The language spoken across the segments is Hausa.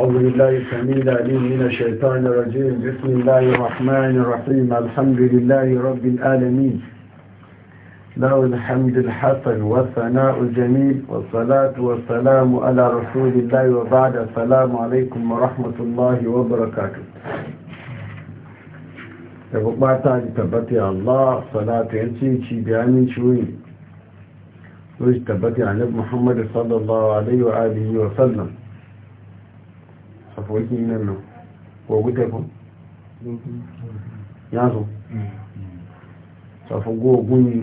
أعوذ بالله السميع العليم من الشيطان الرجيم بسم الله الرحمن الرحيم الحمد لله رب العالمين له الحمد الحسن والثناء الجميل والصلاة والسلام على رسول الله وبعد السلام عليكم ورحمة الله وبركاته ما تعالي تبتي الله صلاة ينسيكي بأمين شوي ويش تبتي عن محمد صلى الله عليه وآله وسلم àforíjì náà nà kò wí tẹ́kọ́ yáàzù sọ̀fúngó ogún ní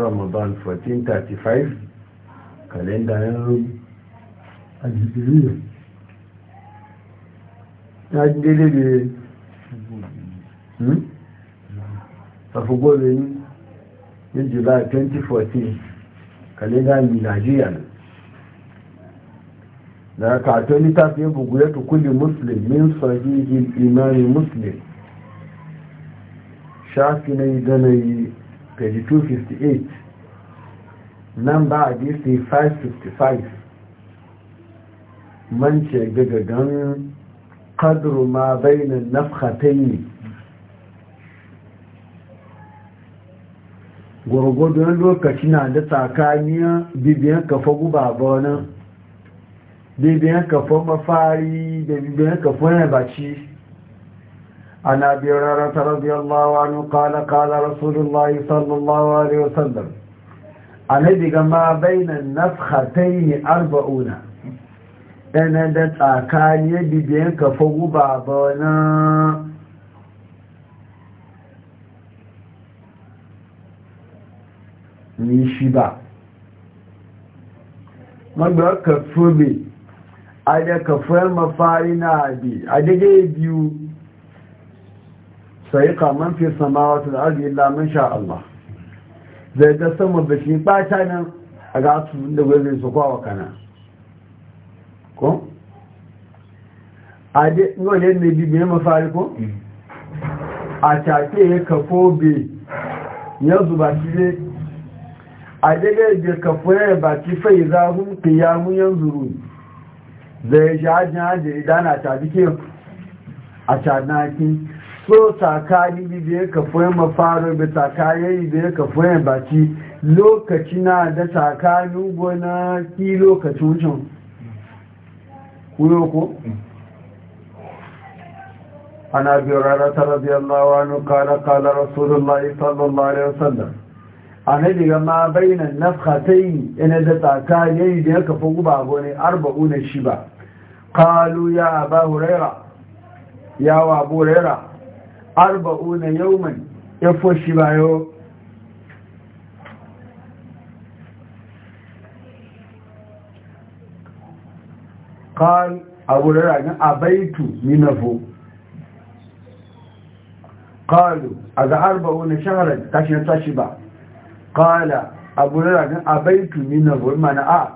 Ramadan 1435 kàlẹ́ndà ẹ̀rọ̀rùn àjìjìrí rẹ̀ ajidele le hmm? sọ̀fúngó rẹ̀ ní July 2014 kàlẹ́ndà mìlàjíyà náà da kato littafi ya bugu ya tukuli muslim min sahihin imani muslim shafi na yi ganayi page 258 nan ba a dc 555 man ce gagagan kadru ma bainan nafhatai gwargwadon lokaci na da tsakaniya bibiyan kafa guba ba wani daidai yanka fon mafari daidai yanka fon ya baci a na biyar rarar ta rabiyar lawanu kala kala rasulun lai sallallahu alaihi wasallam a na diga ma bainan nafhatai ne arba'una ɗana da tsakaniya daidai yanka fon guba ba na nishi ba magbara ka fobe a da kafar mafari na abi a daga biyu sai kaman fi samawa ta arzi lamun sha Allah zai ga sama da shi bata nan a ga su da zai su kwawa kana ko? a da yadda yi biyu biyu mafari ko? a tafi ya kafo bi ya zuba shi ne a daga yadda kafo ya baki fai zahun kiyamun yanzu ruru da ya ji hajjin hajji idan a tabi ke a canaki so tsakani da ya kafoye mafaro da tsakayayi da ya kafoye baki lokaci na da tsakani na ki lokacin wucin kuroko ana biyu rara ta radiyallahu na kala kala rasulullahi sallallahu alaihi sanda. a na diga ma bayanan na fatayi yana da tsakayayi da ya kafa guba gona arba'u na shi ba قالوا يا أبا هريرة يا أبو هريرة أربعون يوما يفوى الشبايو قال أبو هريرة أبيت منه قالوا أذا أربعون شهرا تشبع قال أبو هريرة أبيت منه المنعات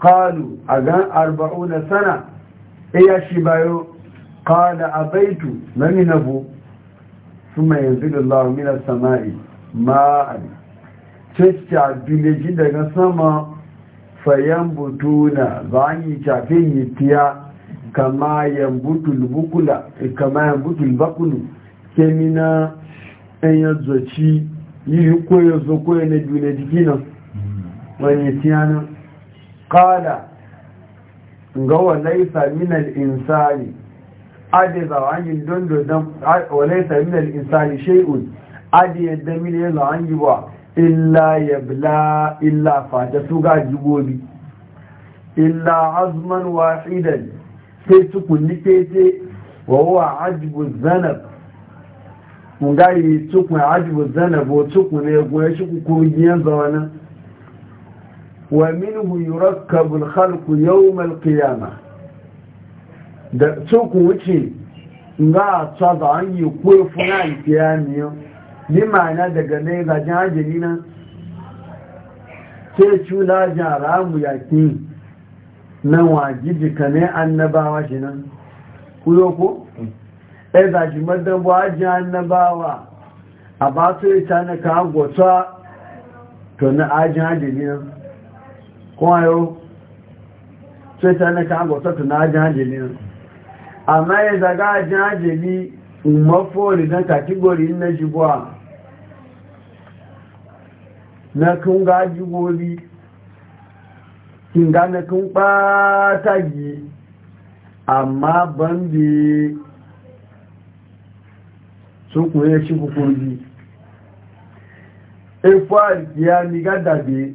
قالوا أذان أربعون سنة إيا شبايو قال أبيت من نبو ثم ينزل الله من السماء ماء تشتع بلجد سما فينبتون ضعني تعفين يتيا كما ينبت البقل كما ينبت البقل كمنا أن يزوشي يقوي يزوكوي نجو نجينا وأن يتيانا kala ga walaisa minal insani adiza wangin dondo don walaisa minal insani shay'un adi yadda mini yanzu an yi wa illa yabla illa fata su ga jigobi illa azman wahidan sai su kulli kete wa huwa ajibu zanab mun ga yi tukun ajibu zanab wa tukun ne goye shi ku kurgiyan ومنه يركب الخلق يوم القيامة da suku wuce za a tsada an yi kurfuna alfiyamiyo ni ma'ana daga ne gajin hajjini nan sai cula jara mu yaki na wajiji ka ne annabawa shi nan kuyo ko? ɗaya e zaji madanbuwa ajiyar annabawa a ba su na gwata to na nan kuma yau ta na kan gwasatu na ajin hajjeli nan amma ya zaga ajin hajjeli mafori na katigori na jigwa na kun ga jigori kin ga na kun ɓata yi amma ban bi sun kuwa ya shi hukun e bi ifuwa ya ni gadabe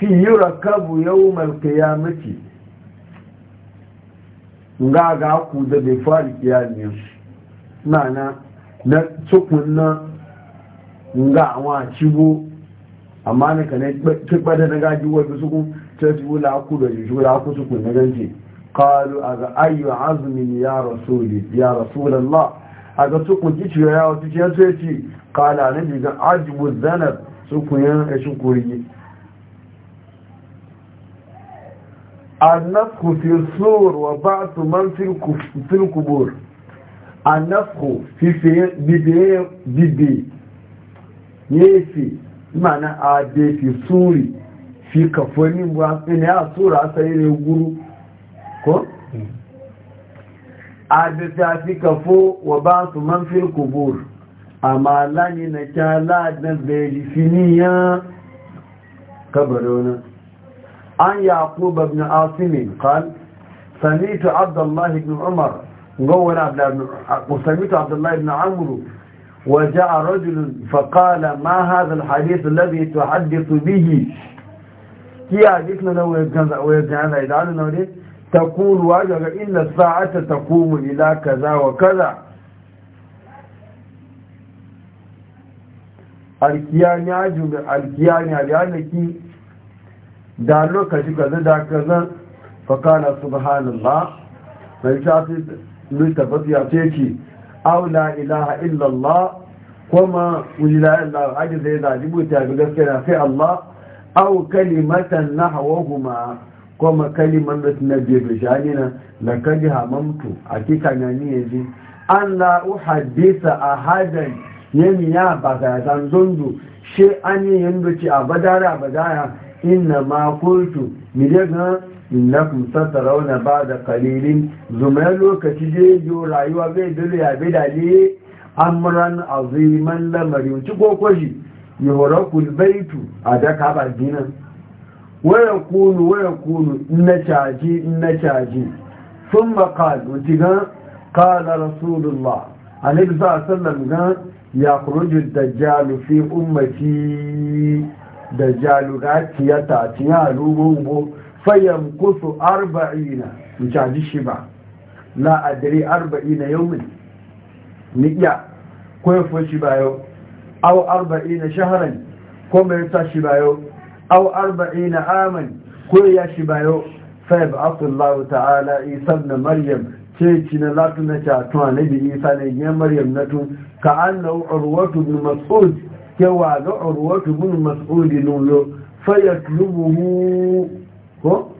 fi yurakabu yawmal qiyamati nga ga ku da bai fari kiyami mana na na na nga wa cibo amma ne kana kibba da naga jiwa da suku ta jiwo la ku da jiwo la ku suku na ganje qalu aga ayu azmin ya rasuli ya rasulullah aga sukun ji ciwo ya wasu ce ce qala ne ga ajbu zanab suku ya shukuri النفخ في الصور وبعث من في القبور النفخ في في بيبي بيبي يفي معنى ادي في سوري في كفوني وان يا سورة سيري غورو كو ادي في كفو وبعث من في القبور اما لاني نكالا دبي فينيا كبرونا عن يعقوب بن عاصم قال سمعت عبد الله بن عمر قول وسمعت عبد الله بن عمرو وجاء رجل فقال ما هذا الحديث الذي تحدث به كي حديثنا لو يجعلنا يدعلنا تقول واجب إن الساعة تقوم إلى كذا وكذا الكياني عجب الكياني لأنك da lokaci kaza da kaza fakana subhanallah mai shafi littafas ya ce ki aula ilaha illallah kuma wujila illallah haji zai zaji buta ga gaskiya sai Allah au kalimatan nahwahuma kuma kaliman da suna jebe shani na lakaji hamamtu a kika na ni yaji an la uhaddisa ahadan ya ba ga zanzundu shi an yi yin duki a badara badara inna ma kultu mi daga innakum ba da qalilin zuma lokaci je yo rayuwa bai dole ya bai dale amran aziman lamari ci gokoji yuhrakul baitu adaka ba dinan waya kunu waya kunu na caji na caji sun makal wuce gan kala rasulullah a nabi sa sallam gan ya kurujin dajjalu fi ummati da jalugatiya ta tiya rugungo fayyam kusu arba'ina mutaji shi ba la adari arba'ina yawmin niya ko ya shi ba yau aw arba'ina shaharan ko mai ta shi ba yau aw arba'ina aman ko ya shi ba yau fayab'athu Allah ta'ala Isa na Maryam ce ci na latin na ta na biyu Isa ne Maryam na tun ka wuƙar urwatu bin Mas'ud yawa ga urwatu bin mas'ud nulo fayatlubuhu ko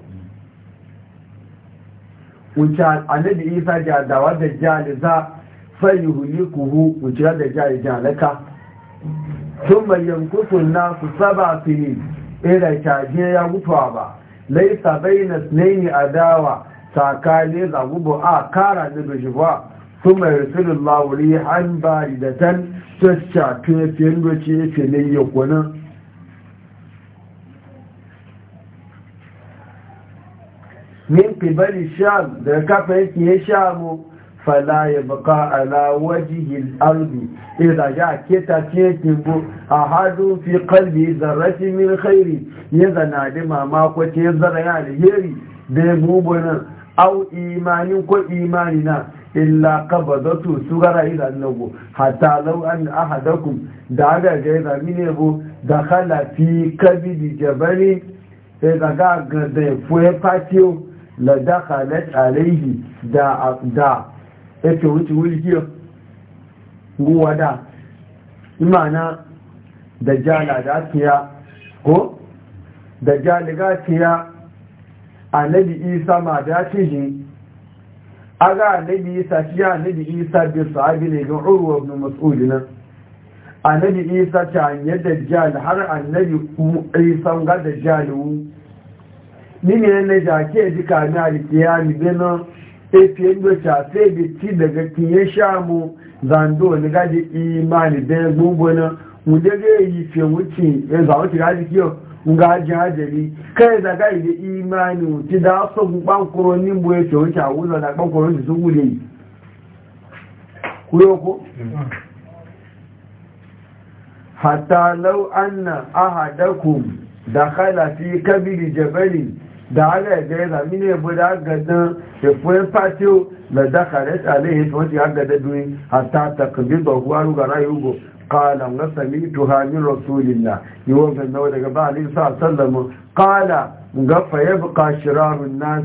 wuce annabi isa ga dawa da jaliza fa yuhlikuhu wuce da jalijalaka thumma yankutu na nasu sab'a sinin ila kaje ya gutuwa ba laisa bayna snaini adawa sakale zagubo a kara da dojiwa kuma rasulun lauri an ba idatan tacca tunafiyan doce ya ce ne ya kuna min kibali sham da kafa yake ya shamu fala ya baka ala wajihin arzi idan ya ke ta cikin a hadu fi kalbi zarrafi min khairi ya zana da mamakwace ya zara ya alheri da ya bubunan au imanin ko imanina illa qabadatu sugara ila nabu hatta law an ahadakum daga ga da mine bu da khala fi kabidi jabali sai ga ga da fuye patio la dakhalat alayhi da da yake wuce wulkiyo guwa da imana da jala da tiya ko da ga tiya annabi isa ma da shi aga annabi isa shi annabi isa bin sahabi ne ga urwa ibn mas'ud na. annabi isa ta hanyar dajjal har annabi isa ga mu ni ne ne da ke ji ka na alkiyami bena efi ndo cha se bi ti daga kiyen shamu zando ni ga ji imani be gugu na mu de ga yi fe wuci e za wuci ga ji kiyo nga jajali kai da ga ile imani ti da so gban kuro ni bo e to ta wo da gban kuro ni so wule yi kuyo ko hatta law anna ahadakum dakhala fi kabil jabal da ala ga ya mine ya buda gadan da fuyin fatio da dakhalat alayhi to ji agada duin hatta hatta takbidu huwa ruga rayugo قال وسميتها من رسول الله يوم أنه لقبع عليه صلى الله عليه وسلم قال قف يبقى شرار الناس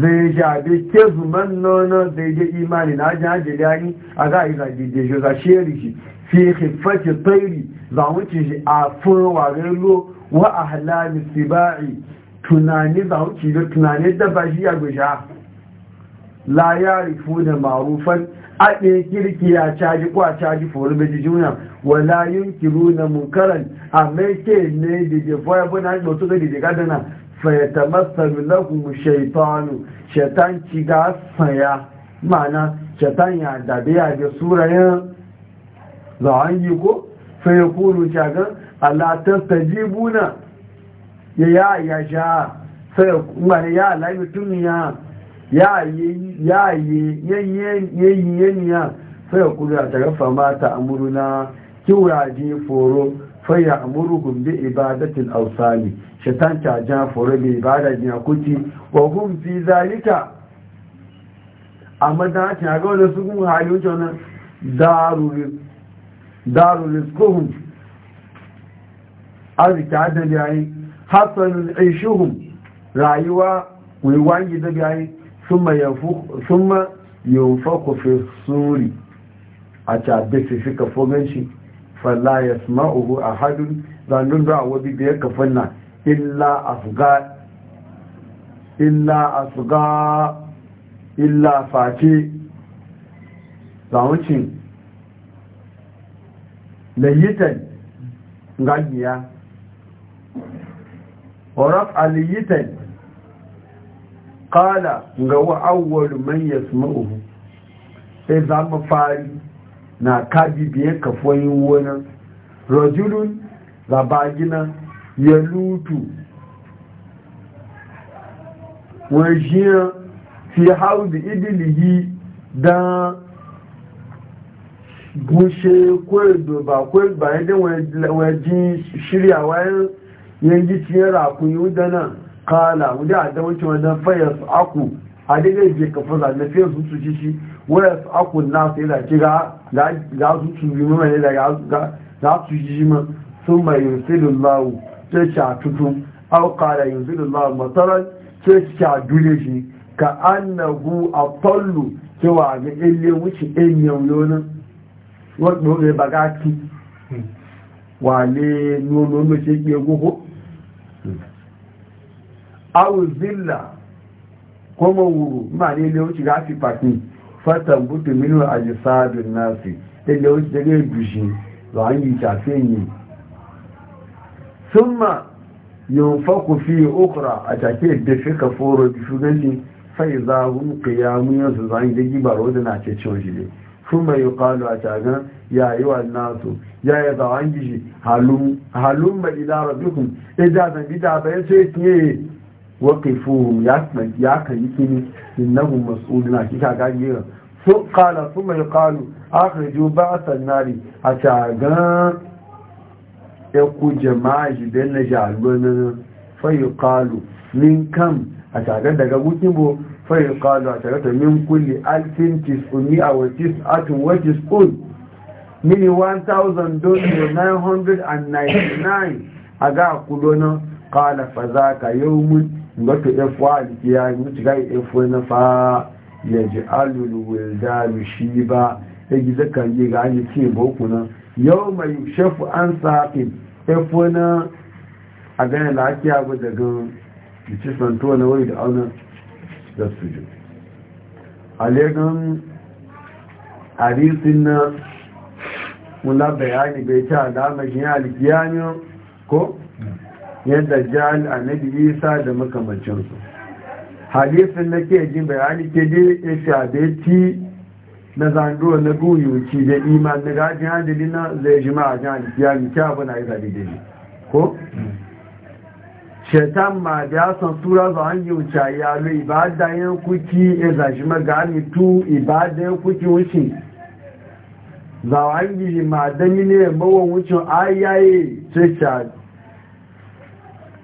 zai jabe ke zuman nono zai je imani na ajin hajjali yani a ga yi zajeje shi za shi yari shi fi hiffaci tsairi za wuce shi a furwa relo wa a halami sibai tunani za wuce da tunani dabba shi ya gusha la ya rifu da marufan ake kirki a caji ko a caji foro bai ji juna wala yin kiru na munkaran a mai ke ne da ke foya bana ake otu zai da gadana Fayyata masaru lagun shaitanu shaitan ci ga saya ma'ana shaitan ya dabe ya ga surayen zawon yi ko fayyar kuru shagan alatar ta buna ya ya sha sai ya alayi ya. Ya yayi ya sai ya kuri a tarafa mata amuruna kiwaje foro fai ya amuru gumbe ibadatin ausali shaitan caja foro mai ibada jina kuti wa gum fi zalika a madanaci a ga wani su gun hali wuce wani daruris kohun arzika adana yayin hasanin aishuhun rayuwa wiwangi da yayin summa yunfaku fi suri a cabe su suka fogon shi falla ya suma sma'uhu a hadun zanun da wabi biyar kafin na illa asga illa asga illa face zamucin layitan ganiya a aliyitan kala ga wa'awar man ya sai za mu fari na kaji biye kafoyin wani rajulun zabagina ya lutu wajiya fi haudu idilihi don gushe kwedo ba kwedo ba da wajen shirya wayan yanki ciyar akun da nan. kala wuda a da wancan wannan aku a daidai je ka fasa na fiye su su ci shi su aku na sai da ki ga za su su bi mama ne da za su ji ma sun mai yusilun lawu ce ci a tutun au kala yusilun lawu matsalar ce ci a dule shi ka annahu a tollu cewa ga ile wuce yonin wadda ba ga ki wale nono mace ke gugu aw zilla kuma wuru ma ne lewuci ga fi fatin fatan butu minu ajsadun nasi da lewuci da ga dushi ba an yi tafe ne summa faku fi okra a take da fi foro da shugancin sai za hum qiyamu yanzu zan da gibaro da na ce cewa shi ne ma yi kalu a cagan wa nasu ya yi zawon gishi halumma idara e dukun ya ja zangi da bayan sai tiye waqifuhum ya ya kai kini innahum mas'ulun hakika ga yiran so qala thumma yuqalu akhriju ba'sa an-nari ataga ya ku jama'a jidan na jalon fa yuqalu min kam ataga daga gukin bo fa yuqalu ataga min kulli alfin tis'umi'a wa tis'atun wa tis'un min 1999 aga kudono qala fa zaka yawmun ngoto efuwa jiki ya mutu gai efuwa na fa ya ji alul wildaru shiba ba ya gi zaka yi ga ni yi boku nan yau mai shafu an saƙi efuwa na a ganin lafiya go daga ci santo na wani da auna da su alegan harisin na da bayani bai ta alamar yin alkiyamiyo ko yadda jihar annabi isa da makamancinsu hadisun na ke jin bayani ke dai ya shabe ti na zanduwa na guyuci da iman na gajin hadili na zai jima a jihar alkiyami kya abu na yi da dai ko shetan ma da ya san tura za a yi wuce ya lo ibada yan kuki ya zaji magani tu ibada yan kuki wuce za a yi ma da ne mawa wucin ayaye shaɗi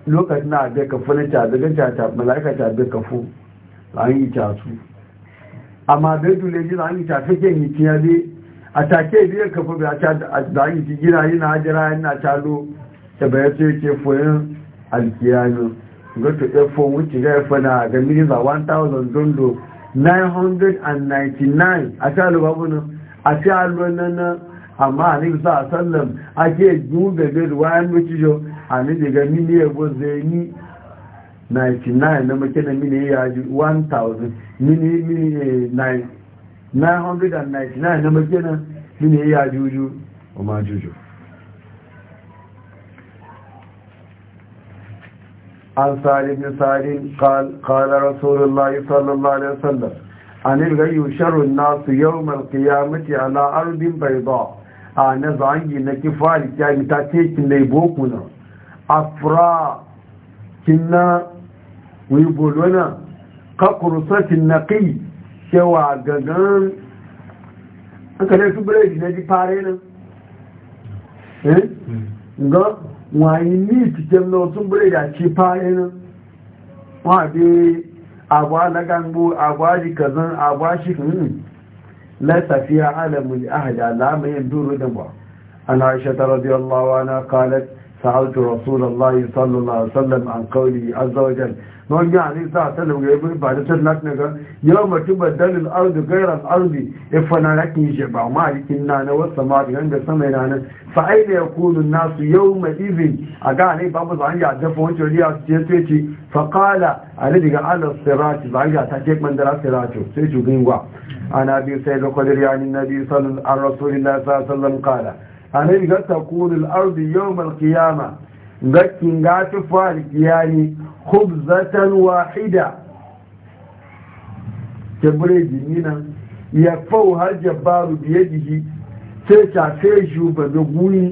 lokacin na da kafu na malaka ta mala'ika tabirin kafu an yi casu amma da dule ji an yi tafi ke yi tiya bi a take biyar kafu bi a yi da gina yi na hajjira yi na talo ta bayar su yake foyin alkiyami gato efo wuce ga efo na ga miliza 1000 dondo 999 a talo babu nan a talo nan amma a nisa a sallam ake gube da wayan mutu jo a ni daga mini yabo zai ni 99 na makina mini ya ji 1000 mini mini 999 na makina mini ya juju o ma juju عن سعد بن سعد قال قال رسول الله صلى الله عليه وسلم عن الغي شر الناس يوم القيامة على أرض بيضاء أنا زعنجي نكفالي كي تاتيك ليبوكنا afra kinna wi bolona ka kursatin naqi cewa gangan an kada su biredi na ji fare nan eh hmm. ga wani ni cikin na wasu biredi a ci fare nan wa bi agwa na gango agwa ji kazan agwa shi kan hmm. la safiya alamul ahda la mai duru da ba an aisha radiyallahu na, qalat سألت رسول الله صلى الله عليه وسلم عن قوله عز وجل نوجه عليه الصلاة والسلام ويقول بعد سلاتنا يوم تبدل الأرض غير الأرض إفنا لك يجبع ما لكننا والسماء عند سمعنا فأين يكون الناس يومئذ أقاني بابا زعين يعدف وانتو لي أستيتي فقال الذي على الصراط زعين يعتكيك من درا صراطه سيتو قنوا عن أبي سيد القدر عن النبي صلى الله عليه وسلم قال anabi ga takunul ardi yawmal qiyama gakin ga ta fari kiyani khubzatan wahida kebure dinina ya fau har biye biyadihi sai ta sai juba da guni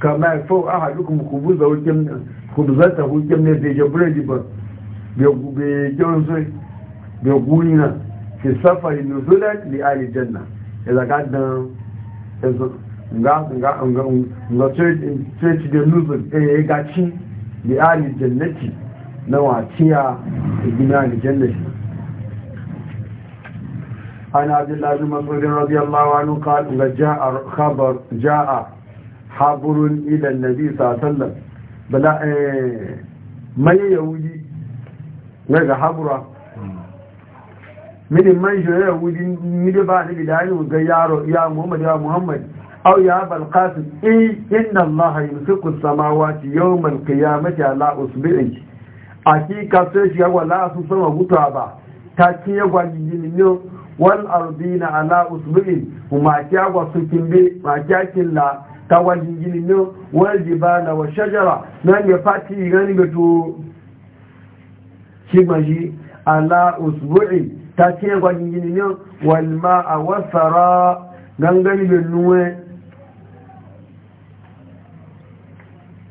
kama ya fau ahadukum khubza hukum khubzata hukum ne da ba, bai be jonzo be guni na Ki safari nuzulat li ali janna ila gadan ezo nga nga nga nga da nuzin ɗaya ya e, gaci da ari jannati na waciya da gina da jannati an abin lalu masaurin radiyallahu anu kaɗu e, ga ja'a haɓurun idan na bi sa'atallar bala maye yahudi na ga haɓura minin man shi yahudi ni da ba ni da dani ga yaro iya muhammadu ya أو يا أبا القاسم إيه إن الله يمسك السماوات يوم القيامة على أصبعي أكيكا سيشي لا أصبع غطابا تاكي وجينيو والأرضين على أصبعي وما كي كيا سكين بي ما كي لا كلا تاوجينيو والجبال والشجرة نان يفاتي يغاني بتو شيماجي على أصبعي تاكي وجينيو والماء والثراء غنغني بالنوي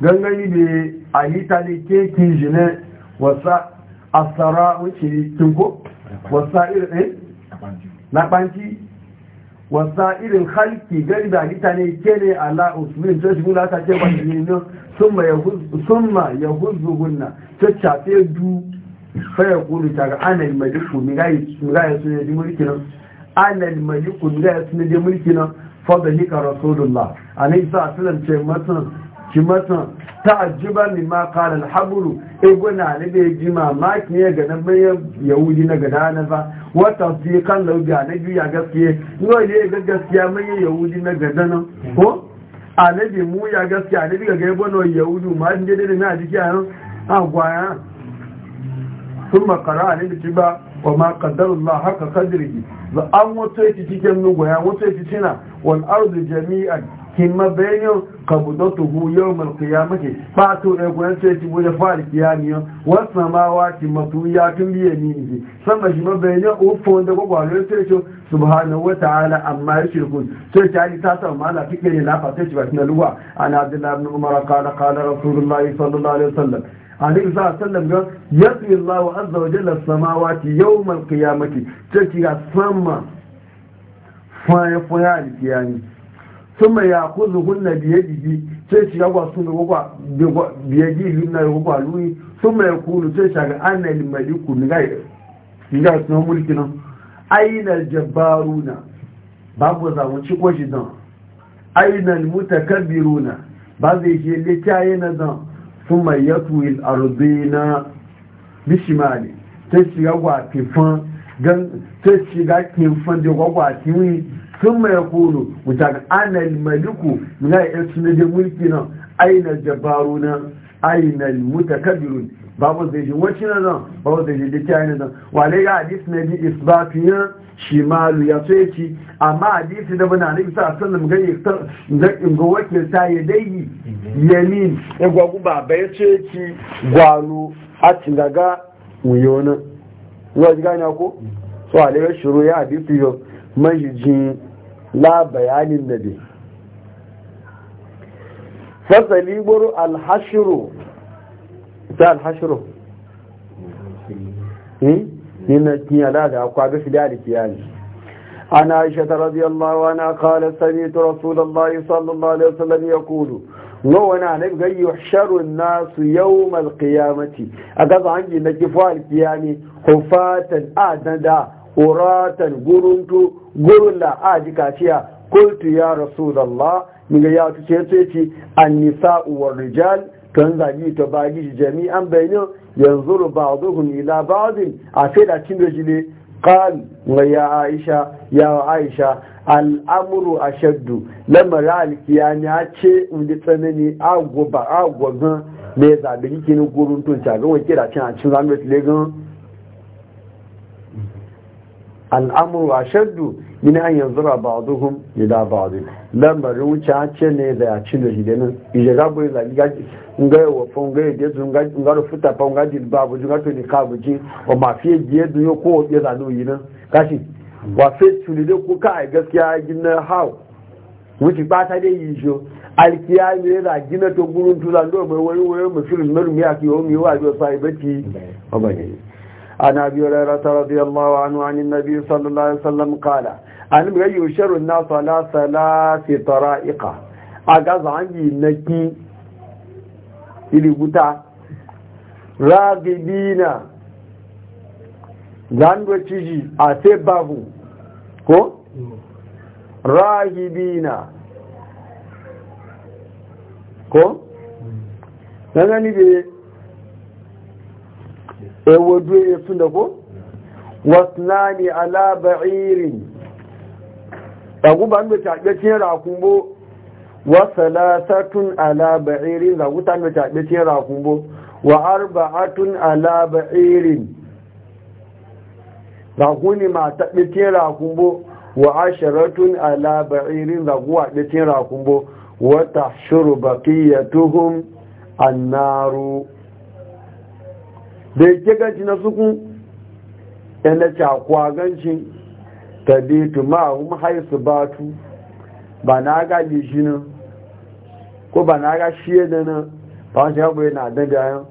gangani da alitali keke jine wasa tsara wuce tunko, wasa irin eh? na ɓanci wasa irin halki gari da alitali kene ala usmin to shi gula ta ce ban ne sun ma ya huzu yahuzuhunna ta cafe du fa ya ta ga anal maliku mi ya yi su ne di mulki nan anal maliku mi ya yi su ne di mulki nan fa da hika rasulullah alayhi sallallahu alaihi wasallam ce matan kimatan ta'ajjiban lima qala al-habru iguna e ne bai ji mamaki ya ga nan ya yahudi na gada na ba wa tasdiqan law ga na biya gaskiye no ne ga gaskiya ya yahudi na gada nan ko bi mu ya gaskiya ne bi ga yabo yahudi ma din dai na jiki a nan a gwaya sun makara ne biki ba wa ma qaddarullah haka qadrihi an wato yake cikin nugo ya wato yake cina wal ardu jami'an kima bayan qabdatuhu hu al-qiyamati fatu egun sai ti bude fari kiyamiyo wasu mawa ki ya tun biye ni sama shi ma bayan ufo da gogo ne sai subhana, subhanahu ta'ala amma yushrikun sai ta ali ta sama mala fike ne la fata ci ba tun luwa ana abdullah ibn umar qala qala rasulullahi sallallahu alaihi wasallam ani sa sallam ga yati allah azza wa jalla samawati yawm al-qiyamati sai ga sama fa fa ya kiyami. ثم يأخذهن بيده تيش يغوا سن وقوى بيده لنا يقوى لوي ثم يقول تيش أنا الملك نغاي نغاي سن ملكنا اين الجبارون بابو زاون شكوش دان اين المتكبرون بعض الشيء اللي تاينا دان ثم يطوي الأرضين بشمالي تيش يقوى كفان تيش يقوى كفان دي وقوى كيوين sun mai kulu mutan anal maliku muna ya suna da mulki nan aina jabaru nan aina mutakabirun babu zai ji wacce na nan babu zai ji dukkan yana nan wale ga hadisi na bi isbatiyan shimalu ya so ya ci. amma hadisi da bana nabi sa sallam ga ga ingo wakil ta ya dai yamin ya gwagu baba ya so yaci gwalo a tingaga wuyona ga ji gani ko so ale ya shuru ya hadisi yau majijin la bayanin nabi fasali gburu alhashiru ta alhashiru hmm? ni na kiya da da akwa gashi da da kiyani عائشة رضي الله عنها قالت سمعت رسول الله صلى الله عليه وسلم يقول لو انا نبغى يحشر الناس يوم القيامة أقضى عندي نجفوا القيامة خفاة أعدنا uratan guruntu da a ji kaciya kultu ya rasu da Ni ga ya tuce ce ce an nisa uwar rijal ta zagi ta bagi jami'an bayanin yanzu ba zuhun ila zin a sai da cin gajile قال يا عائشة يا عائشة الأمر أشد لما رأيك يعني هاتشي ودتنني أغوبا أغوبا ميزا بيكي نقولون تنشاقون وكيرا تنشاقون al'amuru a shaddu min an yanzu ra ba duhun ila ba du lambarin wuce a ce ne da ya ci da shi da nan ije ga bai zagi ga ngaya wa ga yadda sun ga ga futa fa ga dil ba bu ga to ni ka bu ji o ma fiye je du yo ko ya da no yi nan kashi wa fe tuli da ku ka gaskiya gina hau. wuce ba ta dai yi jo alkiya ne da gina to gurun tuzan do mai wani wani musulmi mai rumiya ki yo mi wa jo sai bati o ba ne عن أبي هريرة رضي الله عنه عن النبي صلى الله عليه وسلم قال أن يشر الناس على ثلاث طرائق أقاض عندي نكي إلي قتا راغبين زاندو تشيجي أسبه كو راغبين كو لأنني بيه E duwe ya fi da ko wasnani ala ba'irin ɗagu ba mai ra cin rakumbo wasalasatun ala ba'irin zagu ta mai ra cin rakumbo wa arba'atun ala ba'irin zagu ne ma taɓe cin rakumbo wa asharatun ala ba'irin zagu a ra cin rakumbo wata shuru baƙiyatuhum annaru da yake ganci na suku yana cakuwa ganci ta betu ma'ahun haisu batu ba na ga lishi na, ko ba na ga shiye da nan ba wani shabu yana dan bayan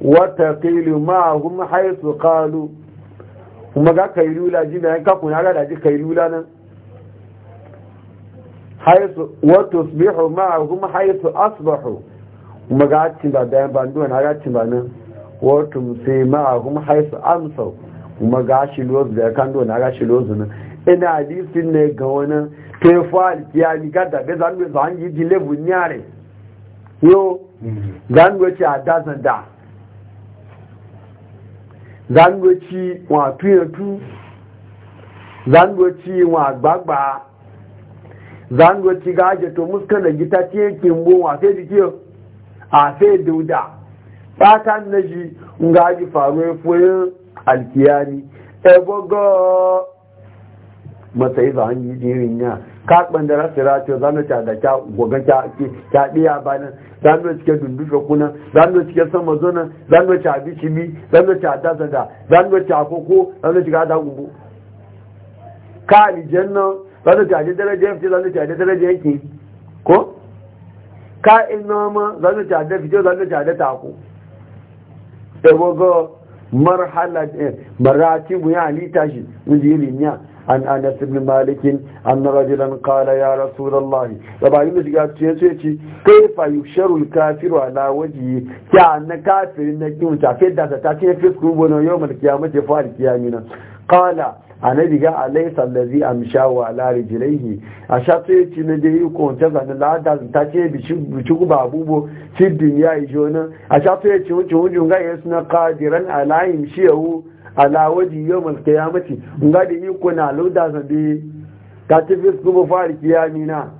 wata kailu ma'ahun haisu kalu kuma ga kailula ji bayan kakun ya gada ji kailula nan haisu su subihu maa haisu asbahu kuma ga cin ba bayan banduwa na ga cin ba nan watum sai kuma haisu amsau kuma gashi lozu da ya kando na gashi lozu na ina hadisin ne ga wani tefa ya ni gada bai zan zo an yi dilebu nyare yo zan ci a dazan da zan go ci wa tuyatu zan go ci wa gbagba zan ci gaje to muskan da gita ce kimbo wa sai dikiyo a sai dauda fata na shi nga ji faru ya foye alkiyani ebogo matsayi za hanyi jirin ya kakban da rasu ratio za mu da ta gogon ta ɗiya banan za mu cike dundufe kuna za mu cike sama zona za mu ci abici mi za mu ci adasa da za mu ci koko za mu ci gada gugu ka alijan nan za mu ci aje darajar fito za mu ci aje darajar ko ka inoma e za mu ci aje fito za mu ci da tako da gogo marhala eh, mu ya halitta shi wujilin ya an anas ibn malikin an rajulan qala ya rasulullahi da bayin da shiga ce ce ci kai fa yusharu kafiru ala waji ya na kafirin na kin ta fidda ta ce fisku bono yawmal qiyamati fa al kiyamina qala annabi diga alaysa allazi amsha wa a rijlaihi a shato yace ne da yiko ta zane lada ta ce bi ci guba abubo ci ya yi jona. a shato yace wuce wujun ga suna na qadiran ala yimshiyu ala waji yawmal qiyamati ga da yiko na loda zabe ta ce fis kuma fari kiyami na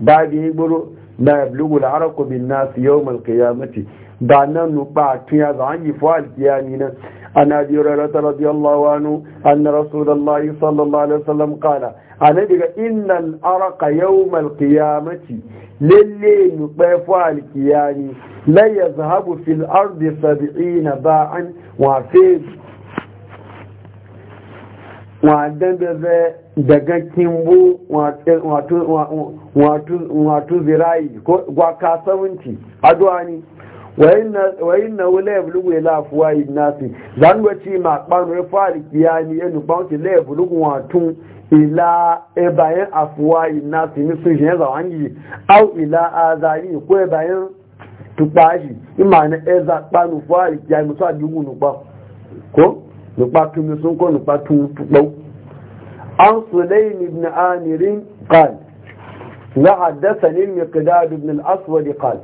ba da yi gburo na yablugul araku bin nas yawmal qiyamati ba nan nu ba ya za an yi fari kiyami na عن أبي هريرة رضي الله عنه أن رسول الله صلى الله عليه وسلم قال أنا بقى إن الأرق يوم القيامة للين نقفوا الكياني لا يذهب في الأرض سبعين باعا وفيد wadan da zai daga kimbo wato zirayi ko gwaka aduwa ne wayinna na wula ya bulugu ya lafuwa yi nasi zan wace ma kpanu ya fari kiyani ya nufan ki la ya bulugu watun ila ebayen afuwa yi nasi ni su jenza wangi au ila azari ko ebayen tupaji ima na eza kpanu fari kiyani musu adigun nukpa ko nukpa tumi sun ko nukpa tun tupo an sulaim ibn amirin qal la haddathani al-miqdad ibn al-aswad qal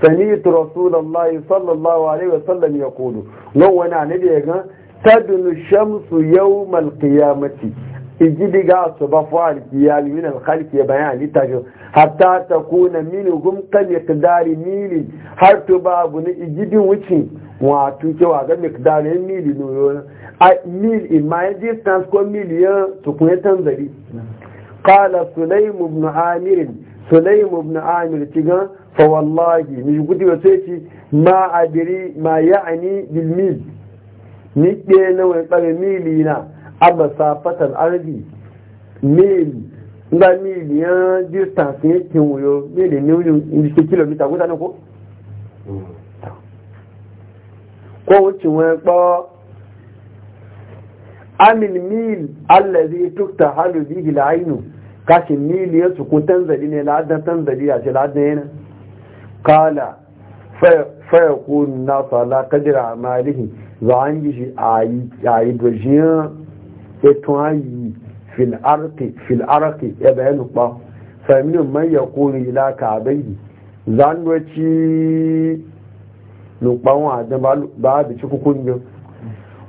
سمعت رسول الله صلى الله عليه وسلم يقول لو انا نبي يغان تدن الشمس يوم القيامه igidi ga su ba fa alkiyali min alkhalq ya bayan halitta shi hatta ta kuna min gum ka miqdari mili har to babu ni igidi wucin wato cewa ga miqdari mili no yo a mil in my distance ko miliyan to kun tan zari qala amir sulaym ibn amir tigan fa wallahi mi gudi wa sai ci ma adiri ma ya'ani bil mil ni de na wani bare mili na abba safatan ardi mil nga mil ya distance ne kin wuyo mil ne wuyo ni ki kilomita guda ne ko ko wuce wani kpa amil mil allazi tukta halu bihi al-ainu kashin mil ya sukutan tanzali ne la'adan tanzali ya ce la'adan yana kala faya ko na sala kajira a malihi za an yi shi a yi dojiyar eto ayi fil araki ya bayanu ba fahimin man ya kone ila ka abai zan doci lukpan wa dan ba a bici kukungin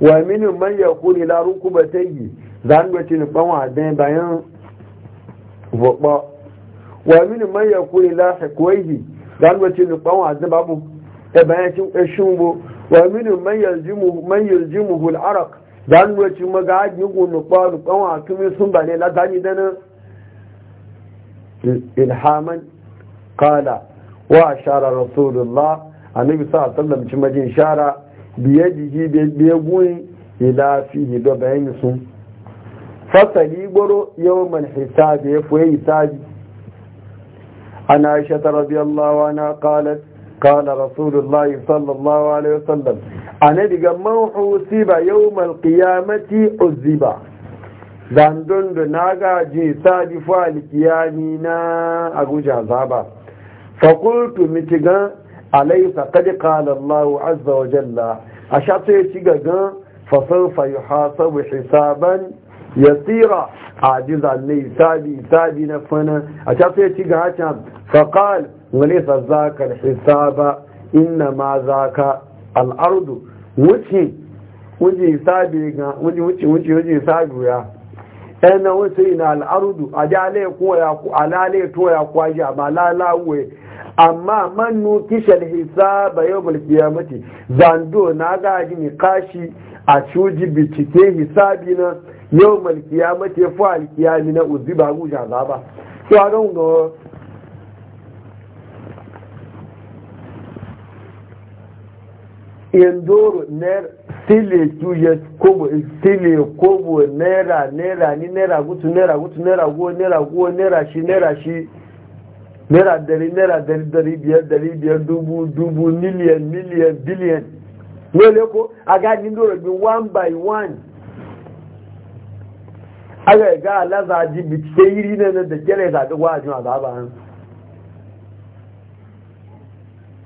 wa minin man ya kone ila yi? zan doci lukpan wa dan bayan vokpa wa minin man ya kone ila hakwai zanwace lukban wazin babu ta e bayan shin e bu wa minu man mu hul arak zanwace maga ajin gunukwa lukban wasu sun ba ne latani dana ilhaman kala wa shara rasulullah annabi sa sallam ci majin shara biye jiji biye guyi ila fihi da bayani sun fasali goro yawman hisabi ya fuye hisabi عن عائشة رضي الله عنها قالت قال رسول الله صلى الله عليه وسلم أنا دقى موحو سيبا يوم القيامة عزيبا عزبا دون دناغا جيسا دفاع لكيانينا أقول جعزابا فقلت متقى أليس قد قال الله عز وجل أشعطي تيجا فصوف يحاسب حسابا yasira ajiza ji zanne sabi sabi na fana a ta sai ci ga hacin faƙal wani sa za hisaba inna ma za ka al'ardu wuce wuce sabi ga wuce wuce wuce wuce sabi ya ɗan wuce na al'ardu a ji alai koya ku alalai toya kwaji a ma lalawe amma manu kishal hisaba yau mulkiyamati zando na gaji ne kashi a cuji bincike hisabi na yau malkiya mace fa alkiyami na uzi ba guja za ba so a don ga yandoro naira sile ya kobo sile kobo naira naira ni naira gutu naira gutu naira go naira go naira shi naira shi naira dari naira dari dari biyar dari biyar dubu dubu miliyan miliyan biliyan ne ko a ni ndoro bi one by one aka ga gara lasa ji bitse yiri ne da kere ta duk wajen a gaba hannu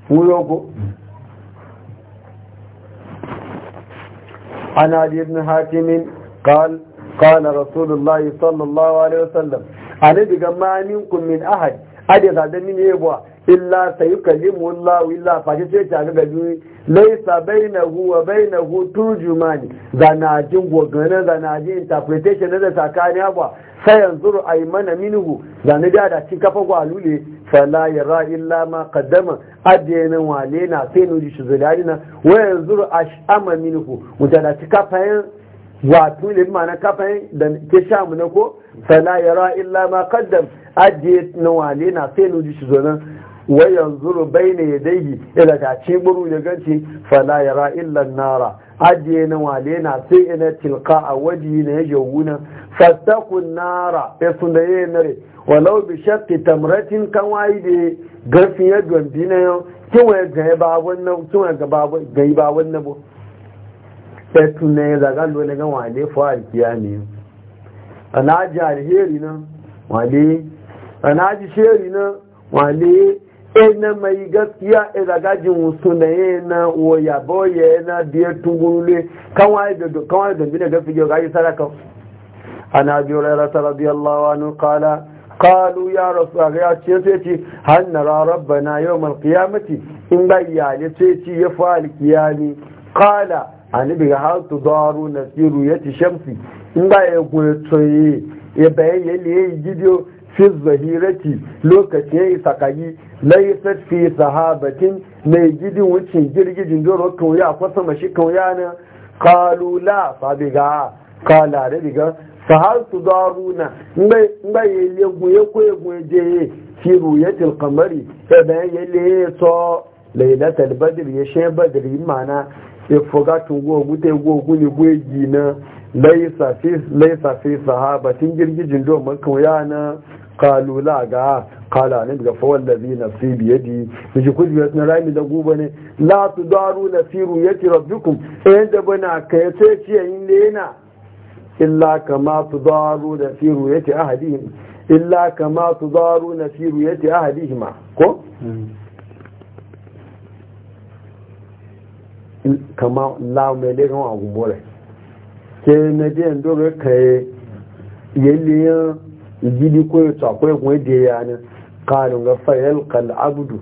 fuyo ko ji adi ibn hakimin kala rasulullah sallallahu alaihi wasallam a ne daga ma'aninku min ahad adi zaɗe min yi illa sayukallimu Allah illa fashe ce ta ga biyu laisa bainahu wa bainahu turjumani zanajin gogana zanajin interpretation da tsakani ba sai yanzu ai mana minhu zani da da cin kafa gwalule fala yara illa ma qaddama adena wale na sai nuji shi na wa yanzu ashama minhu da cin kafa wato ne ma'ana kafin da ke sha mu na ko fala yara illa ma qaddam ajiye na na sai nuji shi zo nan wayan zuru bai ne ya daigi ila ta ce buru ya ganci fala ya ra'illan nara ajiye na wale na sai ina tilka a waji na ya wuna. fastakun nara ya sun da ya nare walau bi shakki tamratin kan wayi da gafi ya gambi na yau kin waya ga ba wannan kin waya ga babun na bu sai tun ya zaga lona ga wale fa alkiyami ana na wale ana ji sheri na wale na mai gaskiya ina gajin wasu na yana waya boye yana biyar tungurule kawai da bina gafi yau yi sadaka ana biyu rarata radiyallahu anu kala kalu ya rasu a ya ce sai ce rarar rabbana yau mal in bayya iyali sai ce ya fa alkiyami kala anibi ga har nasiru ya ci shamsi in bayya ya tsoye ya bayan ya yi gidiyo fi zahirati lokacin yayi sakayi laysat fi sahabatin mai gidin wucin girgijin doro kan ya kwasa mashi kan ya na qalu la sabiga qala da diga fahal tudaruna ngai yegun yeko yegun je fi ruyatil qamari sai bayan yalle to lailatul badr ya she badri mana ya foga tungo gute gogu ne na laisa fi sahabatin girgijin domin kawai na kalu la ga kala ne daga fawon da zai nafsi biyadi da shi kudu yasu na rami da guba ne la su daru na siru ya ci rabbikum ɗayan da bana ka ya ce ci yayin lena illa kama su daru na siru ya ci ahadihim illa kama su daru na siru ya ci ahadihima ko kama la mai lekan wa gumbore ke na biyan dole ka yi yayyan gidi ko ya tsako ya kuma yadda ya ne kanun ga fayal kal abdu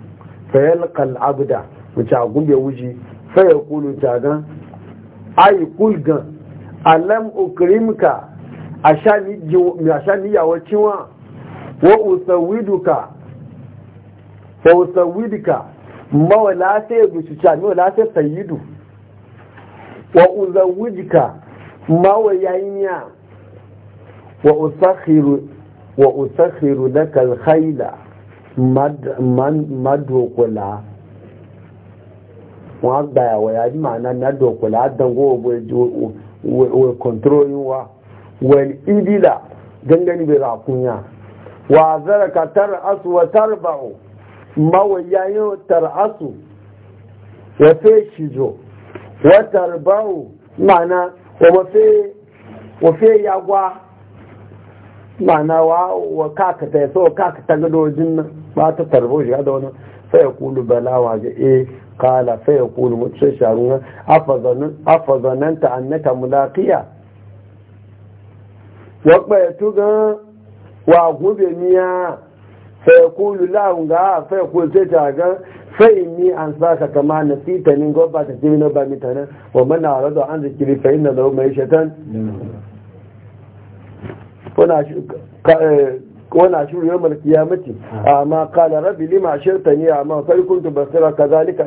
fayal kal abda mu ta gumbe wuji Fayyar kulu ta gan ai kul gan alam ukrimka a sha ni yawon wacinwa wa usawiduka fa usawidika mawala sai gucuca mawala sai sayidu wa uzawijika mawayayinya wa usakhiru wa usakhiru laka alkhayla madokula wọn gba ẹwọ ya di maana nadokula adango wo kontrolin wa wal ibila gangani bai rakunya wa zaraka asu, wa tarba'u tar asu. wa fe shizo wa tarba'u maana wa fe yagwa ma'ana wa kaka ta yaso kaka ta gado jinna ba ta tarbo shi da wani sai ya kulu balawa ga e eh, kala sai ya kulu mutsai sharun afazananta annaka mulaqiya wakpa ya tuga wa gube miya sai ya kulu lahun ga sai ya kulu sai ta ga sai ni an saka kama na sitanin gwabata jimina ba mitana wa mana rado an zikiri fa inna lau mai shatan wana shuru eh, yawmal mace? Ah. amma kala rabbi lima ne amma fa kuntu basira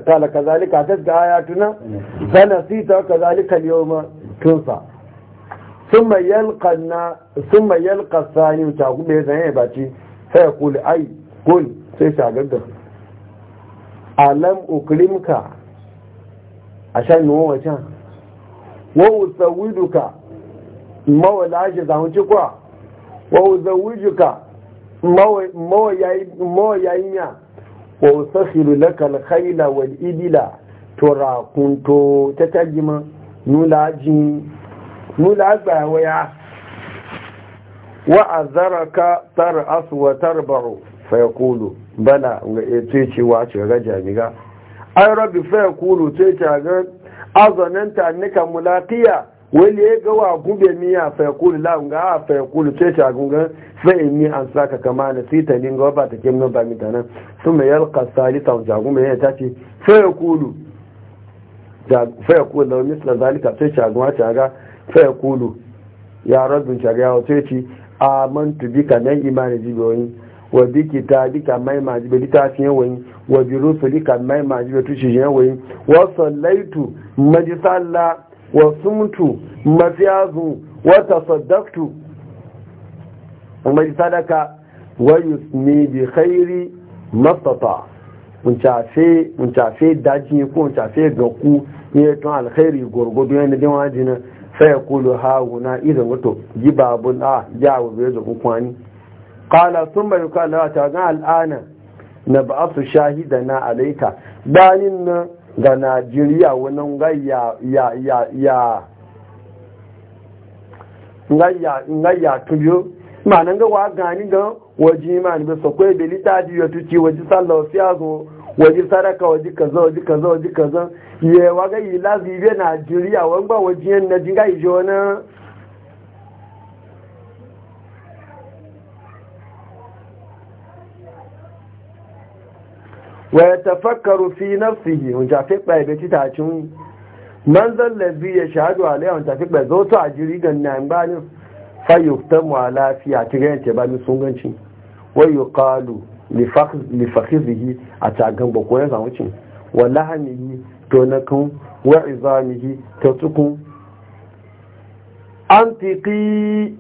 kala kazalika ta ga ayatuna hmm. fa nasita kadhalika kazalika yawma tunsa Sun yalqana thumma yalqa thani ta gube zan ba bace sai ya kuli ai kul sai shagaga alam ukrimka ashan nuwa wacan wa usawiduka mawala shi zahunci kwa wa uzawijuka mawayayinya wa usakhiru laka alkhayla wal ibila to rakunto ta tajima nulaji nulagba waya wa azaraka asu wa tarbaru fa yaqulu bala e, ga ce wa ce ga Jamiga? ai rabbi fa yaqulu ce ta ga azananta annika mulaqiya wani ya ga oh, uh, wa gube mi ya fa yakulu la nga a fa yakulu ce ta gungan fa ni an saka kama na sita ni ga ba ta kimno ba mi tanan thumma yalqa salita ja gume ya tace fa yakulu fa yakulu law misla zalika ce ta gunwa ta ga fa yakulu ya rabbin ta ga ya ce ci amantu bika nan imani jiboyin wa bi kitabika mai maji bi tafiyan yawayin wa bi rusulika mai maji bi tushiyan yawayin wa sallaitu maji sallah wasumtu mafiyazu wata saddaktu mai sadaka wayus ne bi khairi mastata uncafe daji ko uncafe ga ku ne tun alkhairi gwargwado yana jin wajina sai ya kulu haguna idan wato gibabun a ya wazo zo kwani kala sun bai kala ta gan al'ana na ba su shahida na alaika banin nan ga najeriya wani ga ya ya ya ya nga ya tuyo ma nan ga wa gani ga waje ma ni so ko be litaji ya tuci waje sallah fi ago waje saraka waje kaza waje kaza waje kaza ye wa ga yi lazi be najeriya wan ba waje na jinga ijo na wa ya tafakkaru fi nafsihi hun tafi ɓai bai titacin man lalbi ya shahadu alaiya hun tafi ɓai zo ta ajiri ga nan banin fayyukta mu a lafiya ta ganyar ce ba mi sun ganci wai yi kalu lifakizihi a tagan bako ya samu cin wa lahamihi to na kun wa izamihi ta tukun an tiƙi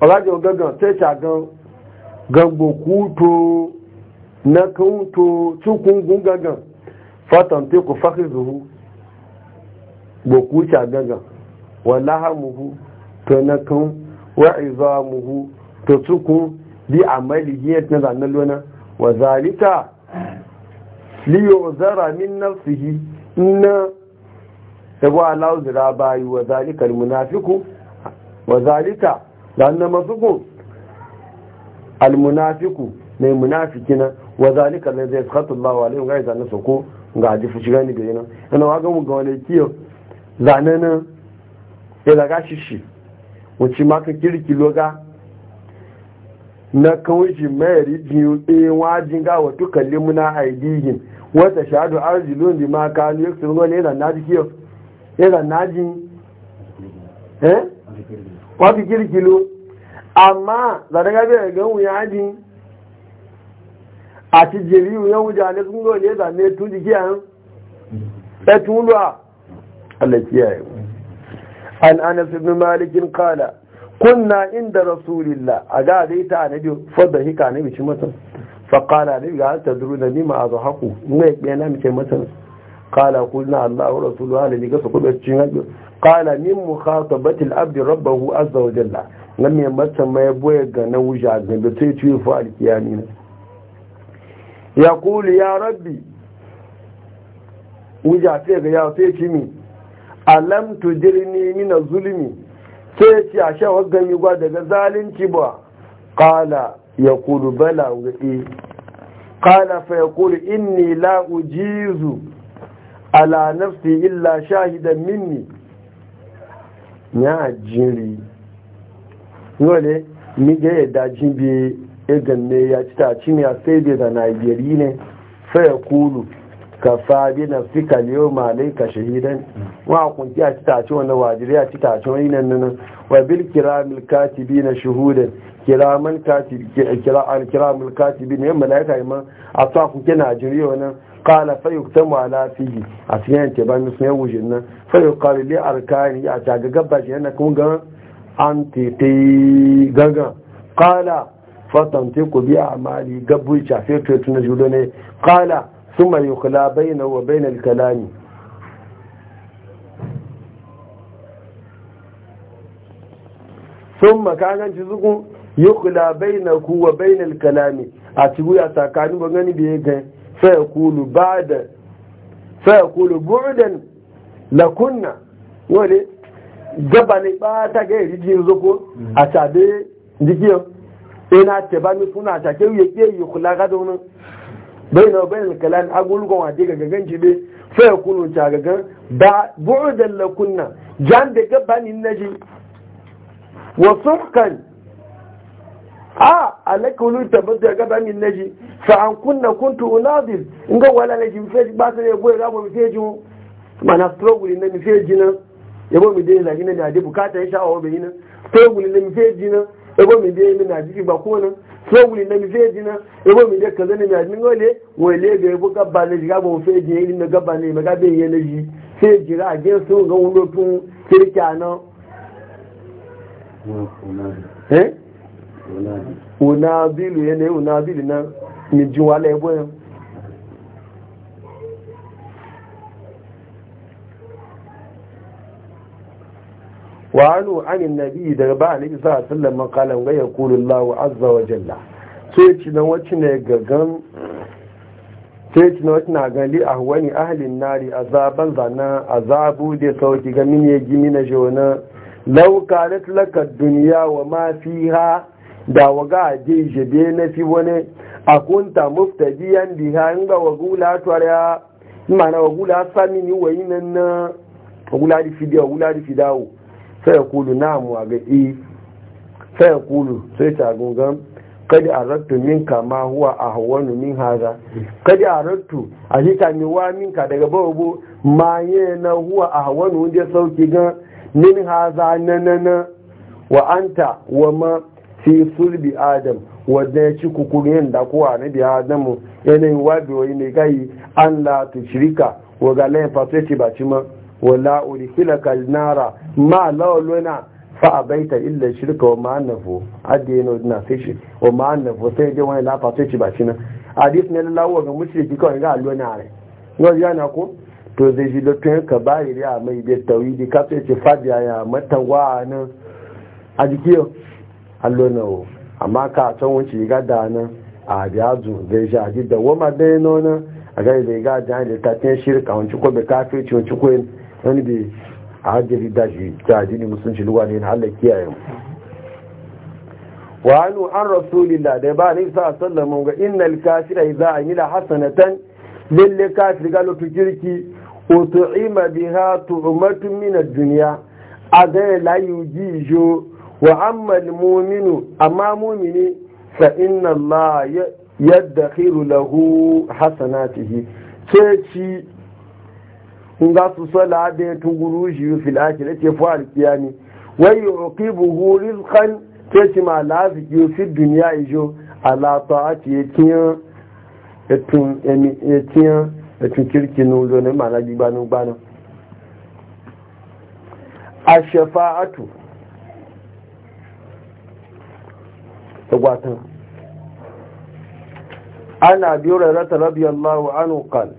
ọlájọ gangan sai tagan gangbo kuto na to cikin gungagan fatan teku fahim zuhu bokuca gagan walahamuhu to na kan wa'izamuhu to cikin bi amali yadda na zanen lona wa zalita liyo zara min nafsihi na yabo alahu zira bayi wa zalika munafiku wa zalika zanen masukun almunafiku mai munafikina wa zalika allazi yaskhatu wa alaihim ga na soko ga ji fushi gani ga nan ina wa ga mu ga wani kiyo zanana ya daga shishi wuci maka kirki loga na kawai mai rijin ɗin wajin ga wata kalli muna aidihin wata shaɗu arzilun bi ma kanu ya kusurgo ne yana naji kiyo yana naji eh kirki lo amma ga bai ga wuya ajin àti jèrè ìwé oúnjẹ alẹ́kúnlò ní ẹ̀dà ní ẹ̀tún jíkí àrùn ẹ̀tún lọ àlẹ́kí yi an anas ibn malik qala kunna inda rasulillah aga dai ta annabi fadda hika ne bici mata fa qala ni ga tadruna ni ma azhaku ne na mice mata qala qulna allah wa rasuluhu su cin qala min mukhatabati al-abd rabbahu azza wa jalla nan me mata mai boye ga na wuja ga da sai ci fa ya kulu ya rabbi wuja sai ga ya sai ci mi alam tujirni min zulmi sai ci a sha gami gwa daga zalunci ba qala yaqulu bala wa e qala fa yaqulu inni la ujizu ala nafsi illa shahidan minni ya jiri ngole mi ga yadda jin idan ne ya ci taci ne sai dai da nigeri ne sai ya kulu ka Sabi na fika liyo malai ka shahidan wa kunti a ci taci wanda wajiri a ci taci wani nan nan wa bil kira mil katibi na shahudan kira man katibi kira an kira ne malaika ima a to a kunti na jiri wani kala fa yi ta mu'ala a cikin yanke ban su ya wujin nan fa yi kari li arkani a ta gaggaba shi yana kuma gan an tete gaggan kala fatan te ku biya amali gabu ya shafe to tun julo ne qala thumma yukhla bayna wa kalami ci wa bayna kalami a cigu ya tsakanin bangani biye ga bu'dan lakunna wale gaba ne ba ta ga yiri zuku mm. a tabe jikiyo ina ta ba mi suna ta ke yi ke yi kula ga daunin bai na bai na kalan agulgon wate ga gagan jibe fa ya kunu ta gagan ba bu'udan la kunna jan da gabanin naji wa suhkan a alakulu tabbata gabanin naji fa an kunna kuntu unadil in ga wala jin fe ba sai ya boye ga mu fe jin mana struggle na mi sai jina yabo mi dai lagi na da bukata ya sha'awa bai na struggle na mi jin na. ebo mi de mi na jiki ba ko nan so wuli na mi fe jina ebo mi de kaza ne mi ajin ngole wo le ga ebo ga ba bo fe jina ni na ga ba ne yen ji fe jira ajen so ga wulo tun kirka na eh unabilu yene na mi juwala ebo wa anu an annabi daga ba annabi sallallahu alaihi wasallam qala ga yaqulu Allah azza wa jalla sai ci nan wacce ne gagan sai ci nan wacce na gani a wani ahlin nari azaban zana azabu da sauki ga min yaji min jona law qalat laka dunya wa ma fiha da waga je jebe na fi wani akunta muftadiyan biha inga wagula twarya mana wagula sami samini wayinan na wagula di fidiya wagula di fidawo sai ya kulu na mu a ga i eh. sai ya kulu sai ta gungan kadi arattu minka ma huwa ahwanu min haza kadi arattu a shi wa minka daga babu ma na huwa ahwanu wanda sauki gan min haza na na na wa anta wa ma fi sulbi adam wadda ya ci yin da kowa na biya adamu yanayin wabi wa yi ne gayi an la tushirika wa ga laifin fasuwa ba ci ma wala udkhilaka an-nara ma lawluna fa abaita illa shirka wa ma annafu adina udna sai shi wa ma annafu sai dai wani lafa sai ci ba shi nan ne ne lawo ga mushriki kawai ga lona ne yau yana ko to zai ji tun ka bayi ya mai da tawidi ka sai ci fadiya ya mata wa nan a jikiyo allona wo amma ka can wuce ga da nan a biyazu zai ji a ji da wama dai nona a gari zai ga jihar da ta tiyan shirka wancin ko bai kafirci wancin ko yin wani bai a hajjari dashi ta ajini musulunci luwa ne na halar kiyaye wa hannu an rasulillah da ba ni sa sallama ga innal a idza amila hasanatan lil kafir galo to kirki utu'ima biha tu'matun min ad-dunya layu la yujijo wa amma al-mu'minu amma mu'mini sa inna allaha yadkhiru lahu hasanatihi sai sun za su sala da ya tunguru shi fil akhirati ya fa'al kiyami bu yuqibuhu kan ce ci ma laziki fi duniya ce ya ala ya yakin etun emi yakin na kirkinu lo ne mala gbanu gbanu ashafa'atu gwatan ana biyu rarrata rabiyallahu anu kan.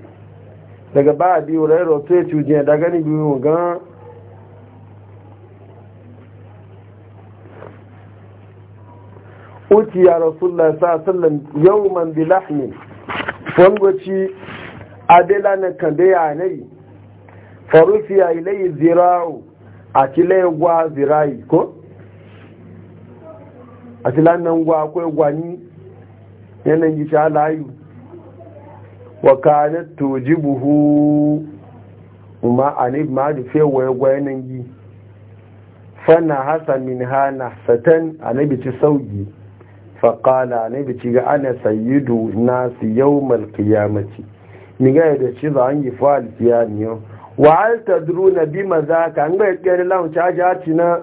daga ba a biyu rairo to ya cuje da gani biyu gan uti ya rasulullah sallan yau yawman bi lahmi fangoci adela na kande ya nai farufiya ilai zira'u a kila gwa zira'i ko a kila nan gwa akwai gwani yanayin shi layu. wa kanat tujibuhu ma ma da fewa yi fana hasa min hana satan anabi ci sauki faƙala anabi ci ga ana sayidu nasu yau mace. ni ga da ci za an yi fa alkiyamiyo wa al tadruna bima ka an ga yadda lahu caji ci na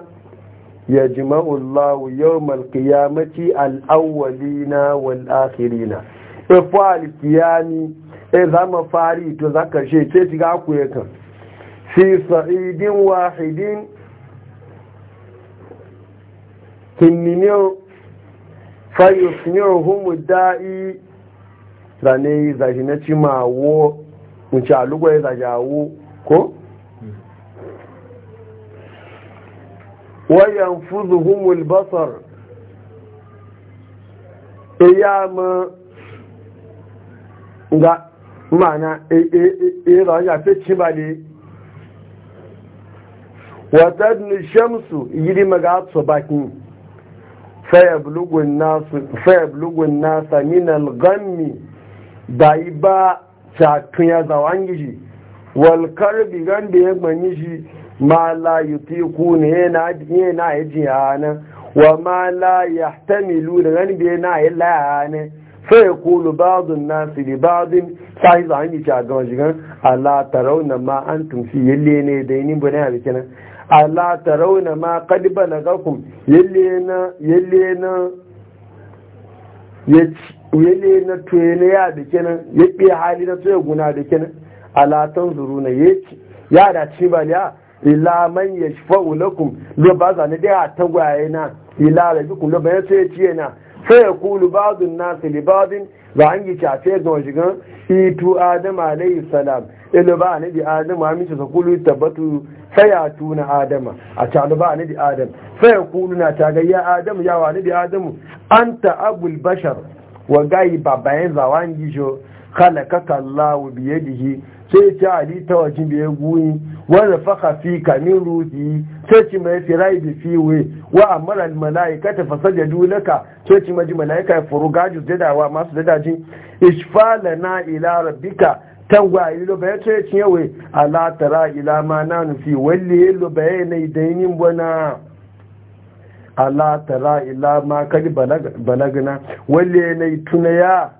ya jima'ullahu yau malkiyamaci al'awwalina wal akhirina ifa e alkiyami E eh, za mu fari to za karshe ce ti ga kuwa kan fi sa'idin wahidin kinniniyo fayosiniyo humu da'i zane zaji na ci ma wo wuce alugwai zaji a wo ko? wayan fuzu humul basar iya eh, ma ga ma'ana iya zaune ya fi ci ba ne wata shamsu yiri maga su bakin fayablugun nasa minal gami da yi ba cakun ya zawon gishi walkarbi ganda ya gbanyi shi ma la yi teku ne yana yi jiya nan wa ma la ya tamilu da gani ya na yi laya ne sai kulu ba'dun nasi li ba'din sai za ni ta ga wajen ala tarawna ma antum fi yalle ne da ni bane a kenan ala tarawna ma qad balagakum yalle na yalle na yalle na tuyene ya bikin yabi hali na tuye guna kenan ala tanzuruna yake ya da ci baliya ila man yashfa'u lakum lo ba za ne da gwaye na ila rabbikum lo ba ci yana sai ya kulu bazin nasu libazin ba an yi cafe ga shigan itu adam alayhi salam ilu ba ni di adam a mishi sakulu tabbatu sai ya tuna adam a calu ba ni di adam sai ya kulu na taga ya adam ya wa ni di adam ta abul bashar wa gai babayen zawan gijo khalaqaka allah bi biyadihi sai ta ali wajen biye yaguyi wani faka fi kamin ruhi sai mai rai da we wa amara mala'ika ta fasar da dulaka sai ci maji mala'ika ya furu gajus dadawa masu dadajin ishfala na ila rabbika tangwa lo bayan sai ci yawai ala tara ila ma na nufi wali lo bayan na idainin bana ala tara ila ma kadi balagana na tunaya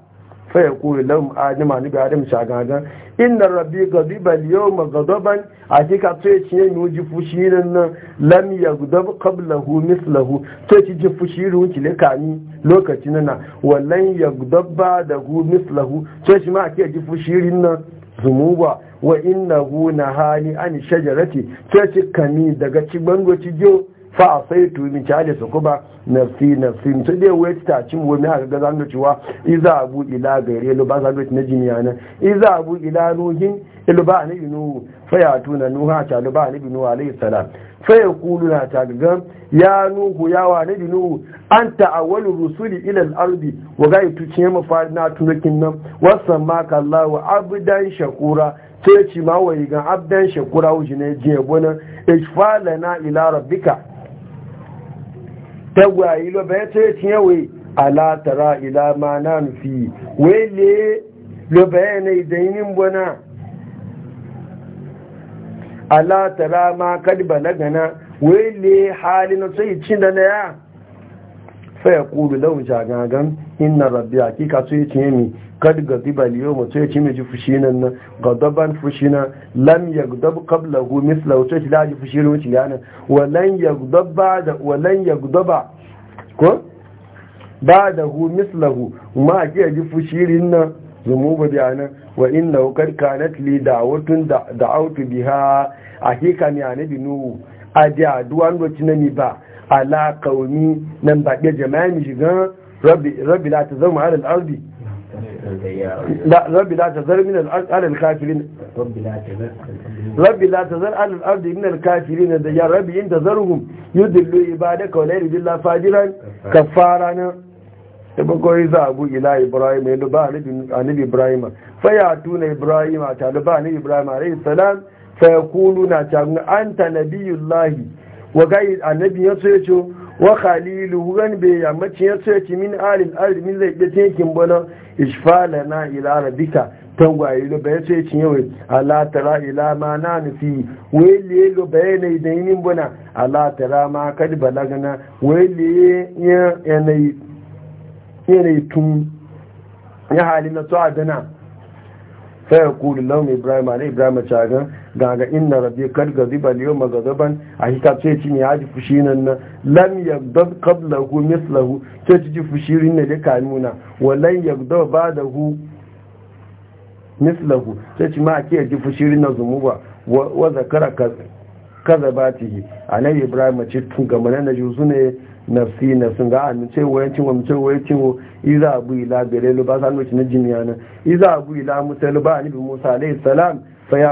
fa ya lam adama ni bi adam shagaga inna rabbi ghadiba al-yawma ghadaban akika to yace ne mu ji fushi nan nan lam yaghdab qablahu mislahu to ci ji fushi ki le kani lokacin nan wallan yaghdab ba'dahu mislahu to ci ma ake ji fushi na nan zumuba wa innahu nahani an shajarati to ci kami daga ci fa a sai tu min chale su kuma nafsi nafsi to dai wai ta cin wani aka ga zanga cewa iza abu ila gare lu ba zan ga na jiniya nan iza abu ila nuhin ilu ba ni nu fa ya tuna nuha ta lu ba ni nu alayhi salam fa na ta ga ya nuhu ya wa ni nu anta awwalu rusuli ila al-ardi wa ga tu ce ma fa na tunakin nan wasamaka Allahu abdan shakura sai ci ma wai ga abdan shakura wujine je bonan na ila rabbika tagwaye lo bai to ya tiyewe ala tara ila ma nan fi wele lo bai ne idainin bona ala tara ma kad balagana wele halin sai cin da na ya faya kulu lau jagagan inna rabbi hakika su yace mi kad gadiba liyoma su yace mi ji fushi nan na Ga daban fushi na lam yagdab qablahu mithla su yace la ji fushi ru ci yana walan yagdab ba'da walan yagdaba ko ba'dahu mithlahu ma ji ji fushi rin nan zumuba bi ana wa inna kad kanat li da'watun da'awtu biha hakika ni anabi nu adi aduwan na ni ba ala kaumi nan ba ga jama'a mi shigan rabbi la tazar mu alal ardi la rabbi la tazar min alal kafirin rabbi la tazar alal ardi min al kafirin da ya rabbi in tazarhum yudillu ibadaka wa la yuridu illa fajiran kafarana tabbakoyi za a buɗe la ibrahim ya ba annabi ibrahim fa ya tuna ibrahim ta ba annabi ibrahim alayhi salam fa yaqulu na ta anta nabiyullahi wa gayi annabi ya soya ce wa khalilu gan be ya mace ya so ce min alil alil min zai dace kin bana ishfala na ila rabbika tangwaye lo be so ce yau ala tara ila ma na nufi wele lo be ne da yin bana ala tara ma kad balagana wele ya yanayi yanayi tun ya halin na to adana ya kuri lahum ibrahim alayhi ibrahim cagan gaga inna rabbi kad gaziba liyo magazaban a hita ce ci ne haji fushi nan na lam yagdab qablahu mislahu ce ci ji fushi rin ne da kanuna da yagdab ba'dahu mislahu ce ci ma ke ji fushi rin na zumuba wa zakara kaza batihi alai ibrahim ce tun ga mana na jusu ne nafsi na sun ga an ce waye cin wamce waye cin wo iza abu ila bere lu ba san wuce na jimiya na iza abu ila musa lu ba ni bi musa alayhi salam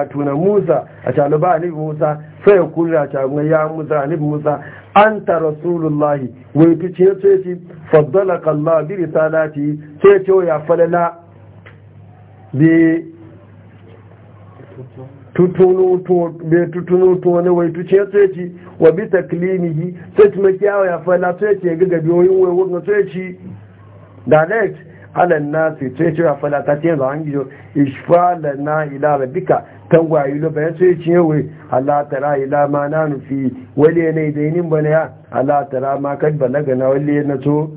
tuna musa a taliba anabi musa sai kula a taliba ya musa anabi musa an ta rasulullahi wai fi ce ce ce faddala kallah bi risalati ce ce ya falala bi tutunu to ne wai tu ce ce ce wa bi ta klinihi sai ci makiyawa ya falala ce ce ga gabi wai wai wai ce ci direct alan nasu sai cewa fala ta ce zan gijo ishfala na ila rabbika tangwayi lo bayan sai ce we Allah tara ila ma na nufi wale ne da yinin bana ya Allah tara ma kad balaga na wale na to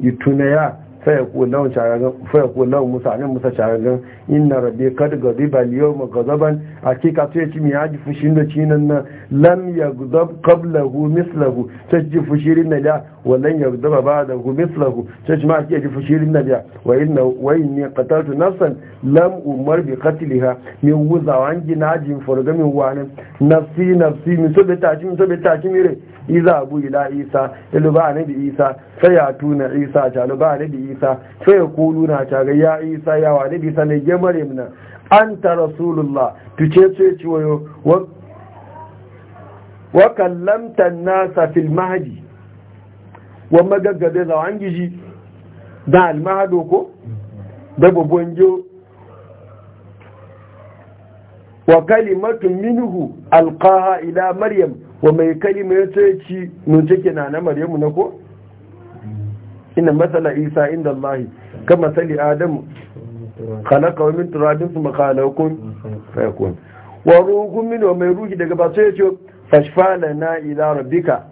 yi ya fayaku lawan musa nan musa shagagan inna rabbi kad gadiba liyawma ghadaban hakika to yace ya haji fushin da cinan na lam ya yaghdab qablahu mislahu fushi fushirin na da wallan da hu mislahu taji ma fushi fushirin na biya. wa ne wa inni qataltu nafsan lam umar bi qatliha min wuzawan jinajin furgamin wani nafsi nafsi min so be taji min so be taji mire iza abu ila isa ilu ba nabi isa sai ya tuna isa ta ilu ba nabi isa sai ya kulu na ta ga ya isa ya wa nabi isa ne ya maryam na anta rasulullah tuce ce ciwayo wa kallamta nasa fil mahdi wa magaggabe za an giji da almahado ko da babban jo wa kalimatu minhu alqaha ila maryam wa mai kalima ya ce ci mun cike na namar maryamu na ko Ina matsala isa inda Allahi. ka matsali adamu khalaqa min turabin su makalakun fayakun wa ruhun min wa mai ruhi daga ba ya ce fashfala na ila rabbika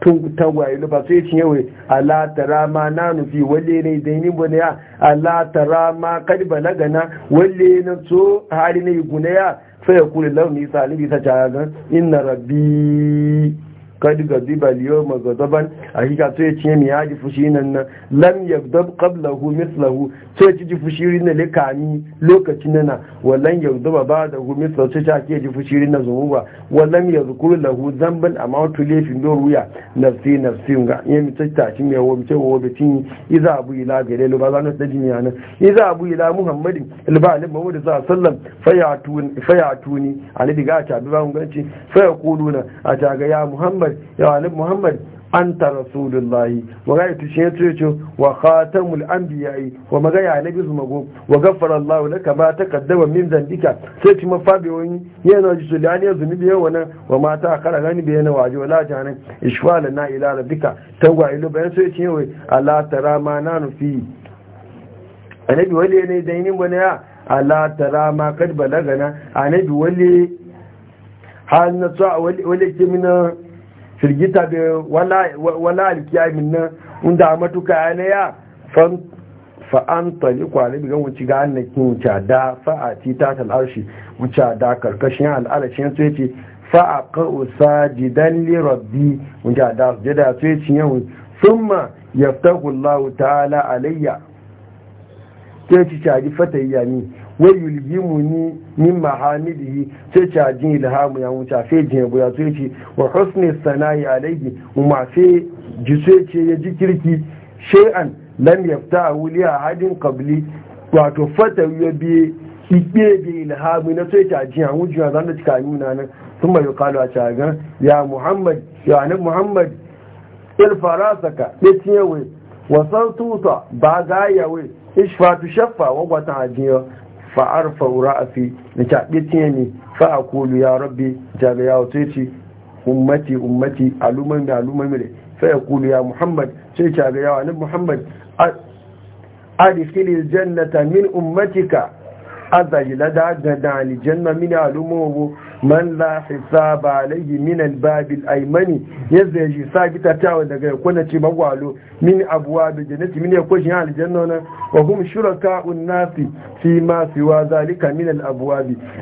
tun tagwaye ba ya? ci yawai alatara ma na nufi wale ne da yi bane ya alatara ma kalba na gana wale na so hali na yi gune ya sai ya kuli launi isa ta cayagan inna rabbi kadi gadiba liyoma gadaban a hika to ya ce mi ya ji fushi nan nan lam ya gdab kabla hu mislahu to ya ji fushi rin na likami lokaci na na wa lam ya gdaba ba da hu mislahu to ya ce ya ji fushi rin na zuwa wa lam ya zukuru da zamban a mawutu lefin don ruya na nafsi na fi ga ya mi tattata shi mai wa mace wa wa bitin yi iza abu ila ga lelo ba za na tsaji ne yanar iza abu ila muhammadin ilbani muhammadu sallam faya tuni Ali ni diga a tabi ba mun ganci faya kuluna a taga ya muhammad muhammad ya alif muhammad ta rasulullahi wa ga ita shi ce wa khatamul anbiya'i wa maga ya nabi su mago wa gaffara Allah laka ma taqaddama min dhanbika sai ti mafabi wani yana ji su lani ya zunubi yawa nan wa mata kara gani bayana wa waje. wala jahanin ishwala na ila rabbika tawwa ilo bayan sai ce wai ala tara ma nanu fi annabi wali ne da yinin bane ya ala tara ma kad balagana annabi wali har na tsa wali ke mina firgita da wala alkiya min nan inda matuka naya fa'an tali kwale bigan wuce ga annakin wuce da fa'ati ta tal'arshi wuce da karkashin al'arashin su yace fa'a sa jidan lirabbi wuce da jada su yace yawon sun ma yaftakullahu ta'ala alayya ke ci caji fata yi yami wai yulhimu ni min mahamidihi sai ta jin ya wuce fe jin yabo ya ce wa husni ya ji kirki shay'an lam yaftahu wato fata ya bi ilhamu na sai ta jin an zan da cika nuna nan sun ya kalu a cagan ya muhammad ya annabi muhammad irfa rasaka yace wai wasan tuta ba ga yawe ishfatu shaffa wa gwata ajiyar. fa a fi na caɓe tiye fa a kulu ya rabbi jami ya wato ce ummati ummati alumami da aluman mire fa ya kulu ya muhammad sai caɓe yawa na muhammad a da filin jannata min ummatika azaji lada gada janna mini alumowo man la hisaba alayhi min albab alaymani yadda ji sa gita tawa daga kuna ce magwalo min abuwa da jannati min ya kwashin aljanna na wa hum shuraka unnasi fi ma wa zalika min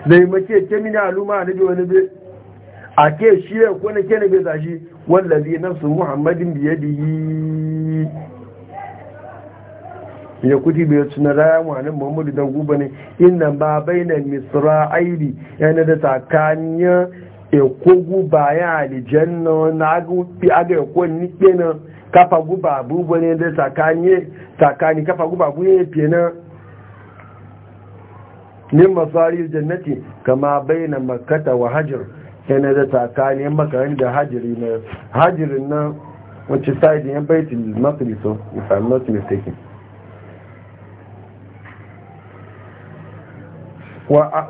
dai ke min aluma ji wani be a ke shi ya kuna ke ne be zashi wallazi nafsu muhammadin yadihi ya kuti bai tuna raya wani muhammadu don guba ne inna ba bai na misra aidi yana da tsakanin eko guba ya alijan na aga eko nipe na kafa guba abubuwa ne da tsakanin kafa guba abu ya fiye na min masari jannati kama bai na makata wa hajjir yana da tsakanin makarin da hajjiri na hajjirin na wacce sa'idin ya baitin masu if i'm not mistaken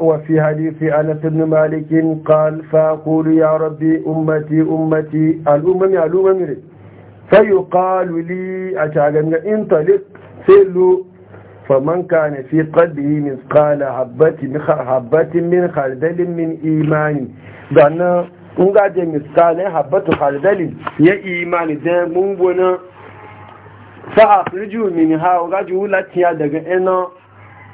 وفي حديث أنس بن مالك قال فأقول يا ربي أمتي أمتي الأمم يا الأمم فيقال لي أشعلن انطلق سلو فمن كان في قلبه مثقال حبة حبة من خردل من إيمان دعنا نقعد مثقال حبة خردل يا إيمان ده منبنا فأخرجوا منها وقعدوا لا تيادة إنا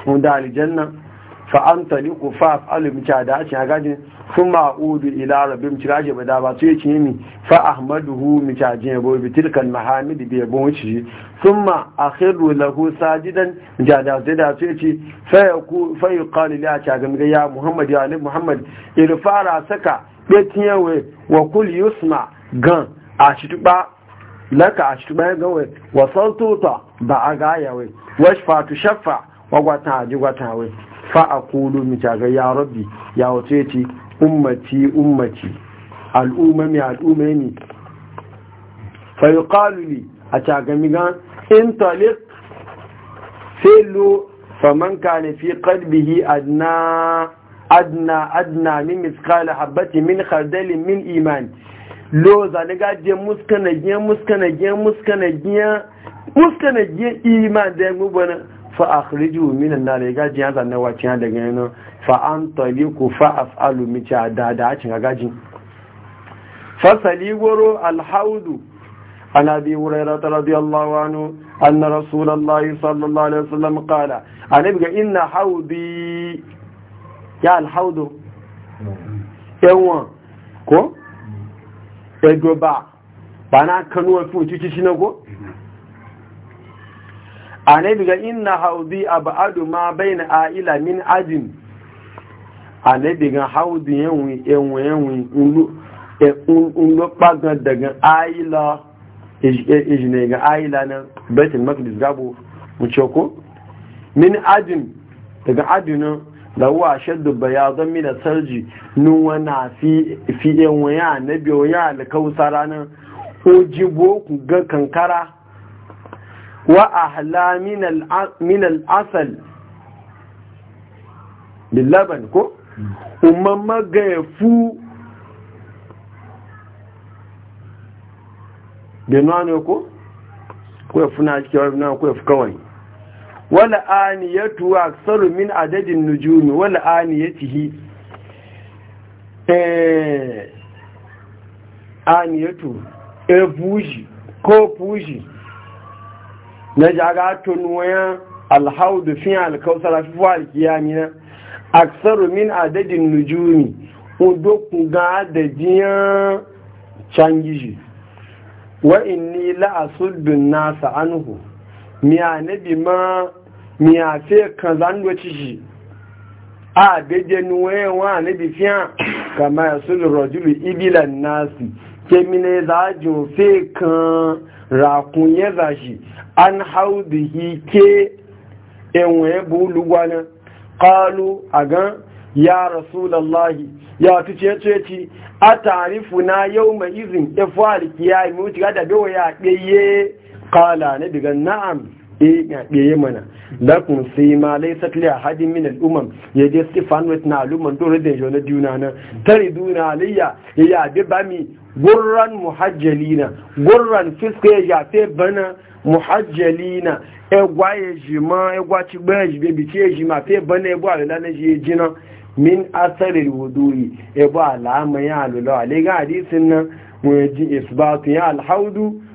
ودع الجنة an tali ku alim alumca da ake hagajin sun ma'udu ila rabin ciraje ba da ba su yi cinye mi fa'ahmadu hu micajin yabo tilkan mahamid bi yabo wuce sun ma a khiru lahu sajidan da su da fa yi ci fayi kwalili a cagam ya muhammad ya alif muhammad irfara saka betin yawe wa kul yusma gan a shi tuba laka a shi tuba ya gawe wa saututa ba a wa shafa tu shafa wa gwata a ji gwata we fa'akulu aqulu ya rabbi ya wace ci ummati ummati al'umami al'umami fa yuqalu li a caga mi ga in taliq filu faman kana fi kalbihi adna adna adna min mithqala habbati min khardal min iman lo zane gaje muskana giya muskana giya muskana giya muskana giya iman da mu fa’afiriju minan na da ya gajin ya zanen wa cin daga yana an tali ku fa’af’alu mice a dada a cin a gajin fasali goro alhaudu a nabi wurare ta radiyallahu wani annar rasulallah sallallahu alaihi wasallam kada a nabi ga ina haudu ya alhaudu yawon ko? edo ba ba na kanuwa fi ucici shi na ko? annabi ga inna haudi abadu ma na aila min ajin annabi ga haudi yanwi yanwi yanwi ulu daga aila ijine ga aila na betin maqdis gabo mucoko ce ko min ajin daga ajin da wa shaddu bayazan min sarji nun wana fi fi yanwi annabi wa ya alkausara nan ko jibo ku ga kankara wa ahla min al'asal billaban ko hmm. umman magayafu benwano ko ko ya funa cikin wani nan ko ya fi kawai wala aniyatu aksaru min adadin nujumi wala aniyatihi eh aniyatu e buji ko buji na jaga tunwayan alhaudu fi alkausar fi falkiya a aksaru min adadin nujumi udo ku ga adadiyan shi wa inni la asuddun nasa anhu miya nabi ma miya fe kan zanwa shi a bejen wayan wa nabi fiya kama ya sulu rajulu ibilan nasi kemine zajin fe kan rakun ya zashi an hau da yi ke enwe kalu a gan ya rasulallahi ya ce-ceci a tarifu na yau mai izin efuwa da kiyaye wuce gada da bewa ya ɗaye kala na daga na'am ɗaya e, mana lakun sai ma laisa tuli a hadin min al'umman ya je stefan wet na al'umman dole da yau na juna na tare duna alayya ya yi bami gurran muhajjalina gurran fiske ya jafe bana muhajjalina ya e e ji ma egwa ci bebi ya jima fe bana egwa gwaye lana ji jina min na min asarin wuduyi alama ya alula alayga hadisin nan wajen isbatu ya alhaudu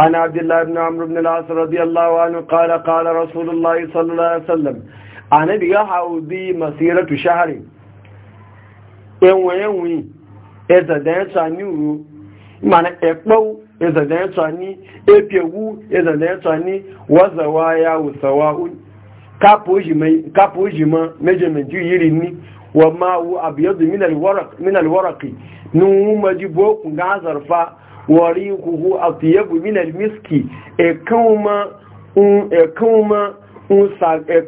عن عبد الله بن عمرو بن العاص رضي الله عنه قال قال رسول الله صلى الله عليه وسلم أنا بيحاو دي مسيرة شهر ẹwọ̀n ẹwọ̀n ẹzẹ̀dẹ̀ẹ́ta ní òru mana ẹ̀pọ̀ ẹzẹ̀dẹ̀ẹ́ta ní ẹ̀pẹ̀wú ẹzẹ̀dẹ̀ẹ́ta ní wọ́zẹ̀wá ya wùsẹ̀wá kápò òjìmọ́ méjèméjì yìí ní wọ́n máa wú àbíyọ́dù mínàlúwọ́rọ̀kì ní wọ́n mọ́jú bókùn gáà zarfa wari kuhu a fiye guminar miski e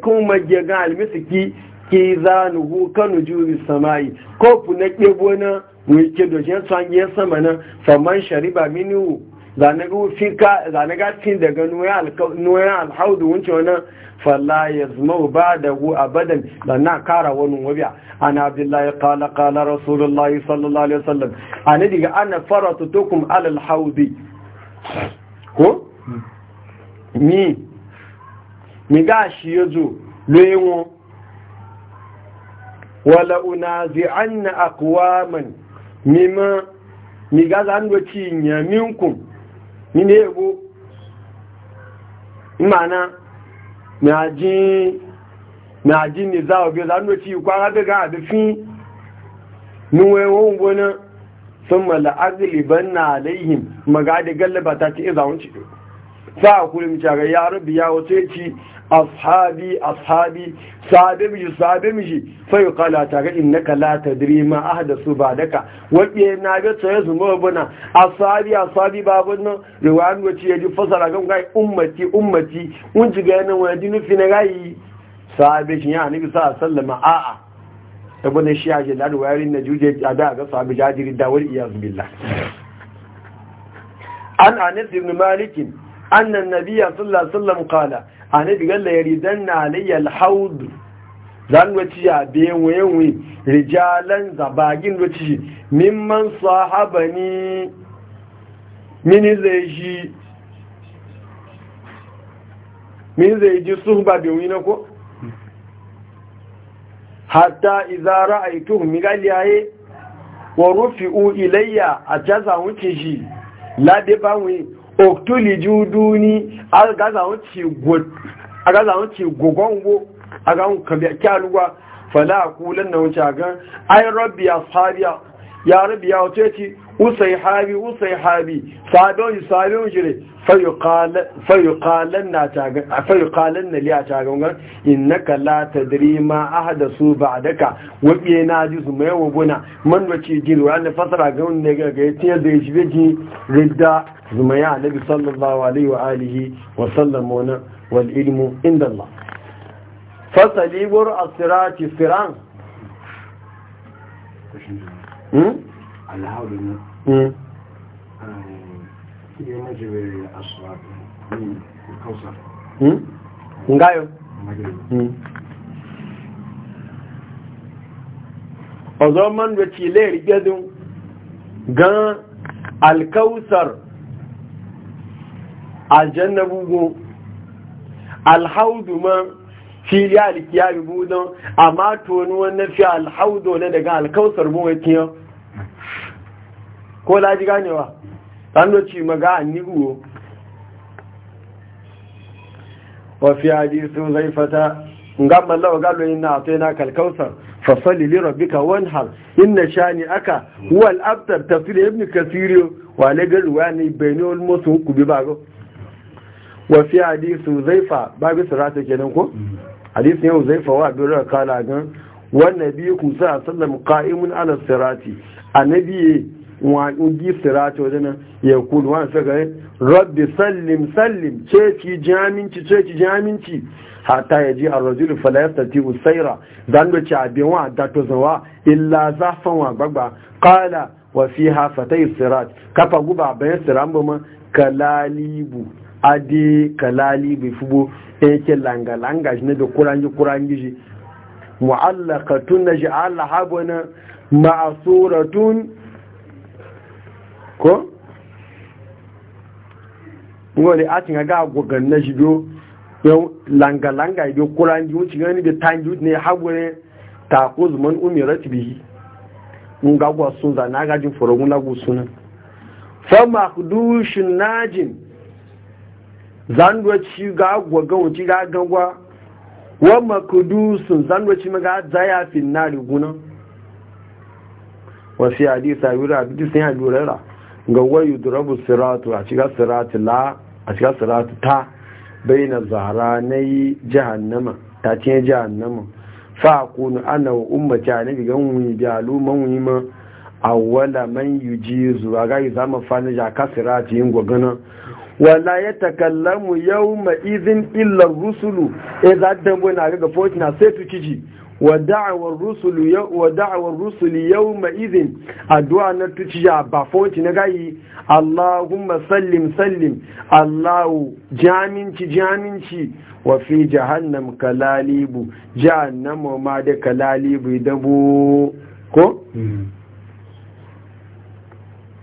kuma gegan e e almisiki ki zanuhu kanu juri samayi kofu na kebo na wike doshen tsangiyar sama na saman shariba miniwu zanaga fin daga noyan alhaudu wuncin wani fallaye zama ba da hu abadan da na kara wani wabiya عن عبد الله قال قال رسول الله صلى الله عليه وسلم أنا دي أنا فرطتكم على الحوض هو مي مي غاشي يجو ليو ولا أنازعن أقواما مما مي غازان وتينيا منكم مين يبو معنى مي na ji ne za a biya za a ci kwana daga a fi nuwai wani wani sun mala ban na alaihim maga da ta ce za wunci sa a kuli micaga ya rabi ya ya ci ashabi ashabi sahabe miji sahabe miji sai kala ta ga innaka la diri ma ba daka wabe na ga tsaye su ma bana ashabi ashabi ba wani riwayan wace ya ji fasara ga ummati ummati mun ji ga yanar wani nufi na gayi sahabe shi ya annabi sa sallama a'a ibn shi ya ji wayarin na juje da ga sahabe jajiri dawal iya billah an anas ibn malik anna an-nabiy sallallahu alaihi wasallam qala annabi galla na alayya al-hawd zan wace ya biyan wayanwi rijalan zabagin wace mimman sahabani mini zai ji min zai ji suhba bi na ko hatta iza ra'aituhum migaliyaye wa rufi'u ilayya a jaza la shi lade oktuli juduni a agaza wuce gogongo a gawon kyaluwa fala kulan na wuce ga. ay rabbi ya sabiya ya rabbi ya wuce ce usai habi usai habi sabon yi jire fayuƙalan na liya tagangar innaka la tadri ma ahada su ba daga waɓe na ji su mai wabuna man wace ji lura fasara ga wani daga ga tiyar da ya ji ridda zumaya annabi sallallahu alaihi wa alihi wa sallam wa wal ilmu inda Allah fasali a sirati firan alhawlu Hmm, hmm? ngayo ọzọ hmm. man da cile gẹ́dùn gan alkausar aljanna bugu alhaudu ma fili alkiya bugu a amma tonu wannan fi alhaudu ne daga alkausar mu ya Ko ko ne wa? ci maga guwo wa fi hadithu zaifata ngamma lawa galo ina atayna kalkausar salli li rabbika wanhar inna shani aka huwa al-abtar tafsir ibn kathir wa la bayni bainul musu kubi bago wa fi hadithu zaifa babu sirata kenan ko hadithu yau zaifa wa bi kala gan wannan biyu ku sa sallam qa'imun ala sirati annabi wani giftira ta wajen ya kudu wani saka rabbi sallim sallim ceci jaminci ceci jaminci hata ya ji a arrajulu falayasta ti usaira don da ci abin wa da zawa illa zafan wa gbagba kala wa fi yi sirat kafa guba bayan siran bama kalalibu ade kalalibu fubo yake langa-langa shi ne da kurangi-kurangi shi mu'allakatun na shi allahabana ma'asuratun ko ngole ati nga ga gogan na jido yo langa langa ido kuran ju ci gani da tanju ne hagure ta kuz man umirat bihi nga gwa sun za na gajin forogun lagu sunan fa ma makdushin najin zanwa ci ga gogan ci ga gangwa wa makdusun zanwa ci ga zaya fin nari guna? wasu hadisa yura hadisa ya lura ga wayu durabu siratu a shiga siratu la a shiga siratu ta bai na zara na yi jahannama ta ce jahannama fa kunu ana wa a nabi ga wuni da aluman wuni ma awwala man yujizu a ga zama fani ja ka siratu yin gwagana wala ya takallamu yawma idhin illa rusulu e za dan bo na ga fortune sai tu ciji wa da'awar rusuli yau ma ma'izin addu'a na tuciya ba fonci na gayi Allahumma sallim sallim Allahu jaminci jaminci wa fi jahannam kalalibu jahannama ma da kalalibu dabo ko?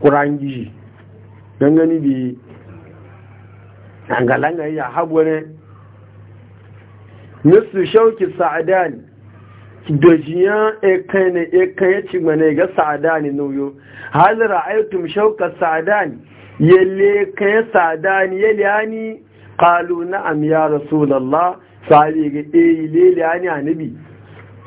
ƙurangiji don gani bi hangalanga ya hagu ne nisu shauki sa'adani dajiya e kai ne ekan ya ci mana ga sadani nuyo hal ra'aytum shawka sadani yalle kai sadani yalle ani qalu na'am ya rasulullah sahabi ga eh lele ani anabi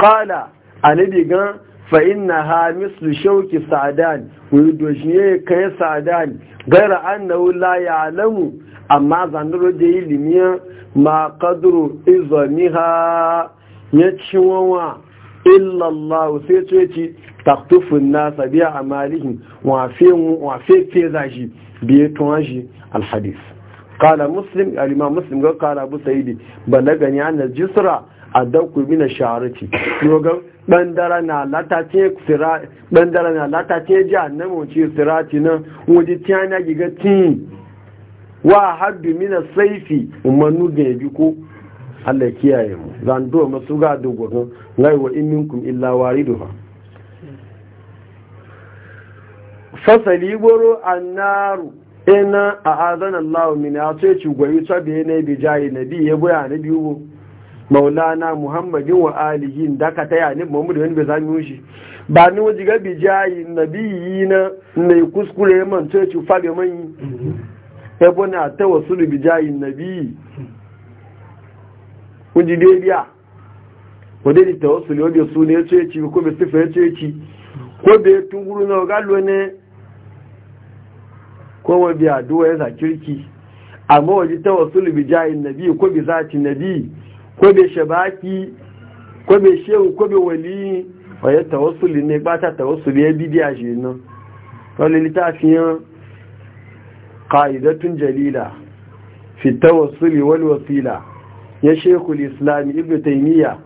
qala anabi ga fa innaha mislu shawki sadani wai dojiyan e kai sadani gaira annahu la ya'lamu amma zanuru da ilimiya ma qadru izamiha ya wawa illallahu sai ce ce taktufin nasa biya a malihin wafe feza shi biye tuwa shi alhadis kala muslim alimam muslim ga kala abu sayidi balagani an jisra a dauku mina shaharci yogan bandara na latace ji annamu ce sirati nan wajen tiyana giga tin wa haddu mina saifi umarnu ga yabi ko Allah ya kiyaye mu zando masu ga dogon ngai wa in minkum illa wariduha fasali goro annaru ina a Allah min ya ce ci gwayi sabe ne bi jayi nabi ya goya nabi wo maulana muhammadin wa alihi da ka taya ne muhammadu wani bai zami shi ba ni waje ga jayi nabi na ne kuskure man ce ci fabe man yi mm-hmm. ebo ta wasu jayi nabi kunji dai biya ko dai ta wasu lodi su ne yace yace ko be sifa yace yace ko be tunguru na galo ne ko wa biya duwa ya kirki amma waje ta wasu bi jayin nabi ko bai zati nabi ko be shabaki ko bai shehu ko be wali wa ya tawassuli ne ba ta tawassuli ya bidiya shi nan wani littafin qa'idatun jalila fi tawassuli wani wasila ya shekul islam ibn taimiyya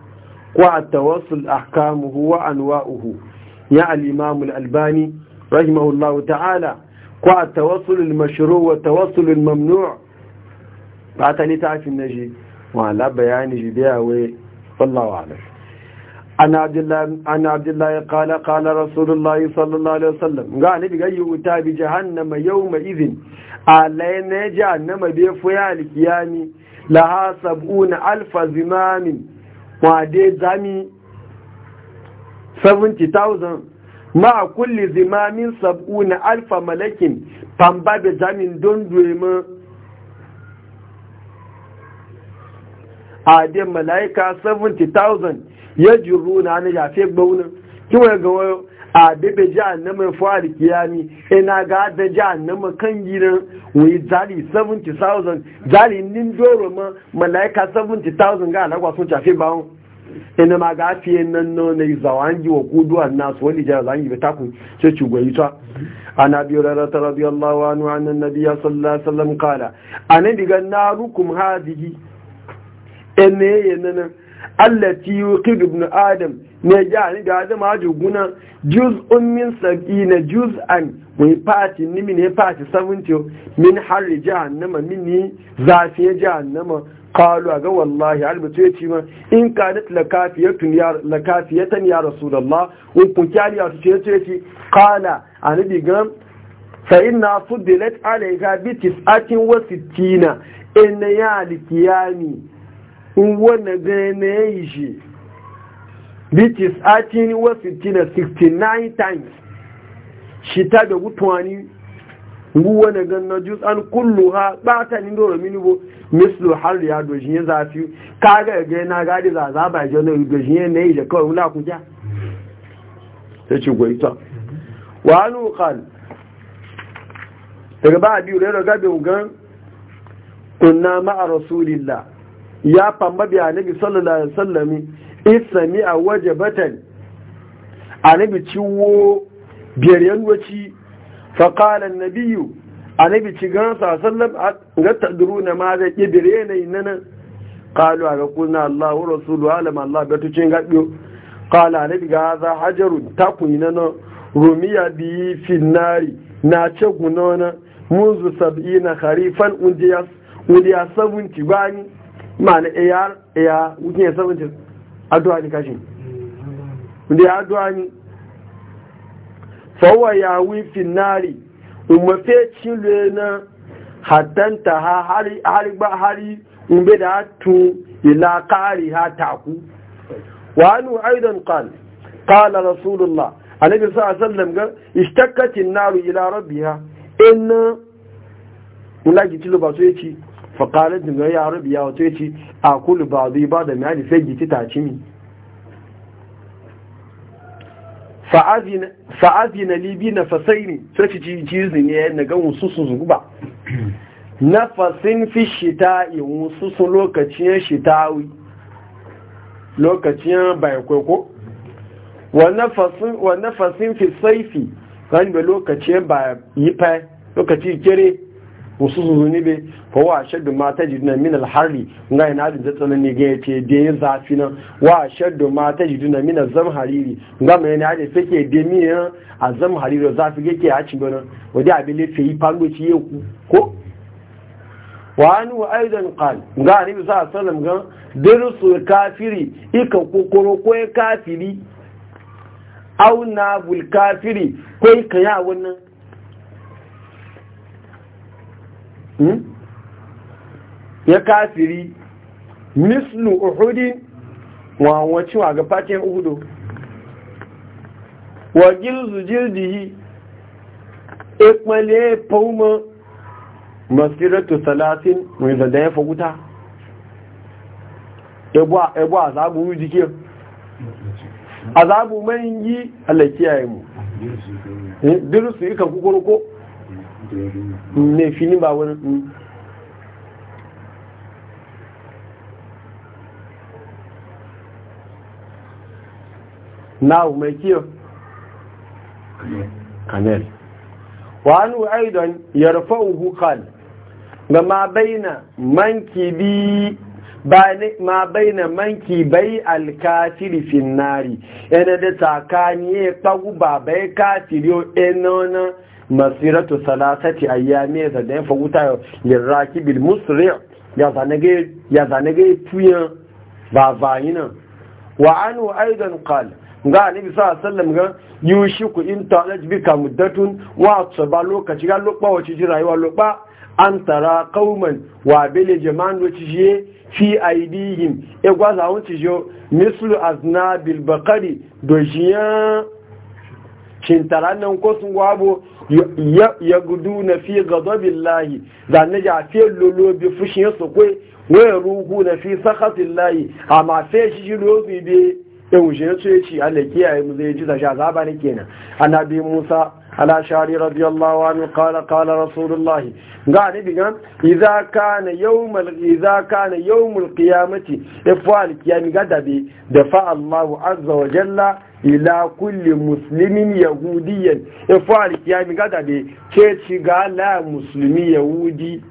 ko a tawassul ahkamuhu wa anwa'uhu ya al-imam al-albani rahimahullahu ta'ala ko a tawassul al-mashru wa tawassul al-mamnu' ba ta littafin na shi wala bayani shi biya wai wallahu alam an abdullahi kala kala rasulullahi sallallahu alaihi wasallam ga ni biga yi wuta bi jahannama yawma idhin alayna jahannama bi fuya al-qiyami laha sab'una alfa zimamin wade zami 70,000 ma kulli zimamin sab'una alfa malakin famba da zamin don duwema ade malaika 70,000 ya jiru na na jafe gbaunin kiwa ga wayo a bebe jahannama fari kiyami ina ga da jahannama kan gidan wai zali 70,000 zali nin doro ma malaika 70,000 ga alagwa sun tafi bawon ina ma ga fiye nan nan na yi wa kuduwan nasu wani jihar yi bai takun ce cugwayi ta عن أبي هريرة رضي الله عنه عن النبي صلى الله عليه وسلم قال أنا بقى ناركم هذه إنه يننا allati yuqid ibn adam ne ja ni da adam aju juz juz'un min juz an mai fati ni min fati 70 min harri jahannama mini zafi ya jahannama A ga wallahi albatu yace ma in kanat lakafiyatun ya lakafiyatan ya rasulullah in kun kyali ya ce yace qala anabi gam fa inna fudilat alayka bi tis'atin wa Tina, in ya likiyami wanda gane ya yi shi which is 18 was 69 times shi ta da gutuwani ruwa na gan na jus an kullu ha bata ni dora mini bo mislu har ya dojin ya zafi ka ga ga na ga da zaza ba je na dojin ya ne je kawai mula ku ja sai ci ta, wa anu qal daga ba biyu da ga bi ugan kunna ma rasulillah ya famba bi anabi sallallahu alaihi wasallam isami a waje batan anabi ciwo biyar yanwaci faƙalan na biyu anabi ci gansa sallam ga taduru na ma da yanayi na nan ƙalu a ga kuna allahu rasulu alam allah batucin gaɓiyo ƙala anabi ga za hajarun takun na nan rumiya biyi finnari na ce gunona munzu sab'ina harifan undiya 70 bani ma'ana ya AR wuce ya sabunta addu'a ne kashin wanda ya addu'a ne fawa ya wi finari umarfe cile na hatanta ha hari ba hari umbe da hatu ila kari ha taku wa hannu aidan kan kala rasulullah alaihi sallam ga ishtakatin naru ila rabbiha inna ulagi tilo ba so yace faƙalar da ya yaro ya wato ya ce a kulu ba zai ba da mai sai giti ta ci mi fa'azi na libi na fasai ne sai ci ci izini ne na gan wasu su zuba na fasin fi shita yi wasu sun lokacin wi lokacin bayakwai wa na fasin fi saifi wani lokacin ba yi fai lokacin kere wasu be? fa wa shaddu ma na min al-harri ngai na da ne ga yace da yin zafi nan wa shaddu ma na min az-zamhariri nga mai na da fake da mi hariri zamhariri zafi yake a cikin nan wadi abin lefe yi fango ci ku ko wa anu aidan qal nga ni sa sallam ga dirusul kafiri ika kokoro ko kafiri auna bul kafiri ko ika ya wannan Hmm? ya kafiri mislu uhudin wa wacin wa ga fatin uhudu wa gilzu jildihi ikmale fauma masiratu salatin mai zada ya faguta ebu azabu jike azabu mai yi alakiyaye mu eh, dirusu yi kan kukuruko ne fini ba wani mm. nahu mai kiyo kanel wa anu aidan yarfa'uhu qal ma baina mankibi ma baina bai alkafiri finnari Ina da tsakani ya kpagu babai kafiri o enona masiratu salasati ayyami da dan faguta lirakibil musri ya zanage ya zanage tuya ba bayina wa anu aidan qala ga annabi sallallahu alaihi ga yushiku in talaj bika muddatun wa tsaba lokaci ga lokpa wace ji rayuwa lokpa an tara qauman wa bil jama'an wace ji fi aidihim e gwaza wace jo mislu bil baqari dojiya cintara nan ko sun gwabo ya gudu na fi gadabin lahi da na ja fi lolobi fushin su kwai wayar ruhu na fi sakatin lahi amma fi shi shi lobi bai in shi ya ce ci Allah kiyaye mu zai ji za sha zaba ne kenan annabi Musa ala shari radiyallahu anhu qala qala rasulullah ga ne diga idza kana yawmal idza kana yawmul qiyamati ifwal kiyami gadabe da fa Allahu azza wa jalla ila kulli muslimin yahudiyyan ifwal kiyami bi ce ci ga la muslimi yahudi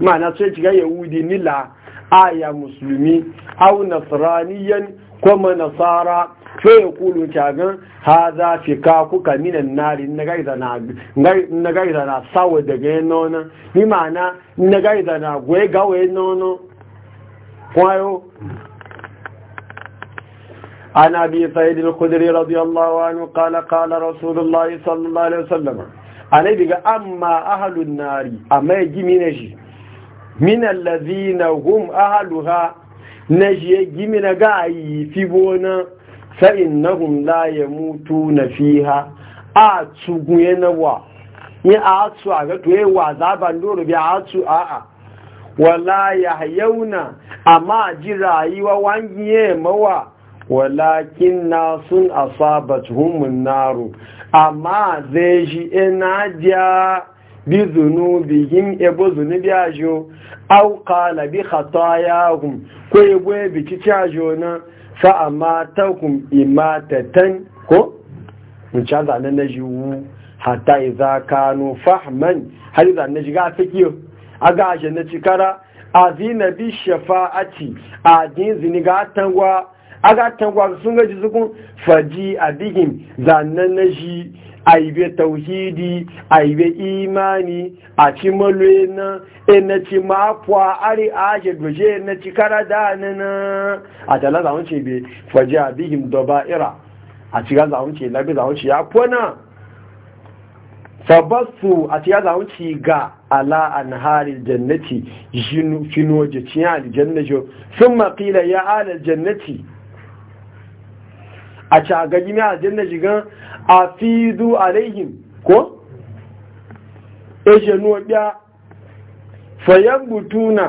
ma'ana ce ci ga yahudi nila aya muslimi au nasraniyan kuma nasara sai ya kulu cagan ha za fi ka kuka minan nari na da na sawa daga yin nono ni ma'ana na da na gwai gawa yin nono kwayo عن أبي سيد الخدري رضي الله عنه قال قال رسول الله صلى الله عليه وسلم عليه بقى أما أهل النار أما يجي من الذين هم na shi gimi na ga a yi fi bona sa'in na la ya mutu na fiha a tsugunye na wa yi a tsu a ga to yi wa doro bi a tsu a a wala ya yauna amma ji rayuwa yi mawa walakin na sun asabat humun naru amma zai shi e ina jiya bi zunubihim ebo zunubi ajo aw qala bi khatayahum ko ebo bi kici ajo na fa amatakum imatatan ko mun ci azan nan ji wu hatta idza kanu fahman har idza nan ji ga fikiyo aga aje na kara azina bi shafa'ati ajin zini ga tangwa aga tangwa sun ga jizukun faji abihim zan na ji aibe tauhidi aibe imani a ci malwe e na ina ci mafuwa ari aje doje e na ci karada na a tala zaunce be bai faji abihim doba ira. a ci ga zaun ce labi zaunce ya kwana fabasu a ci ya zaun ga ala an hari jannati finoje ci ya aljannajo sun makila ya ala jannati a ci a gajimi gan A fi afidu alaihim ko ejenu obiya fayambutuna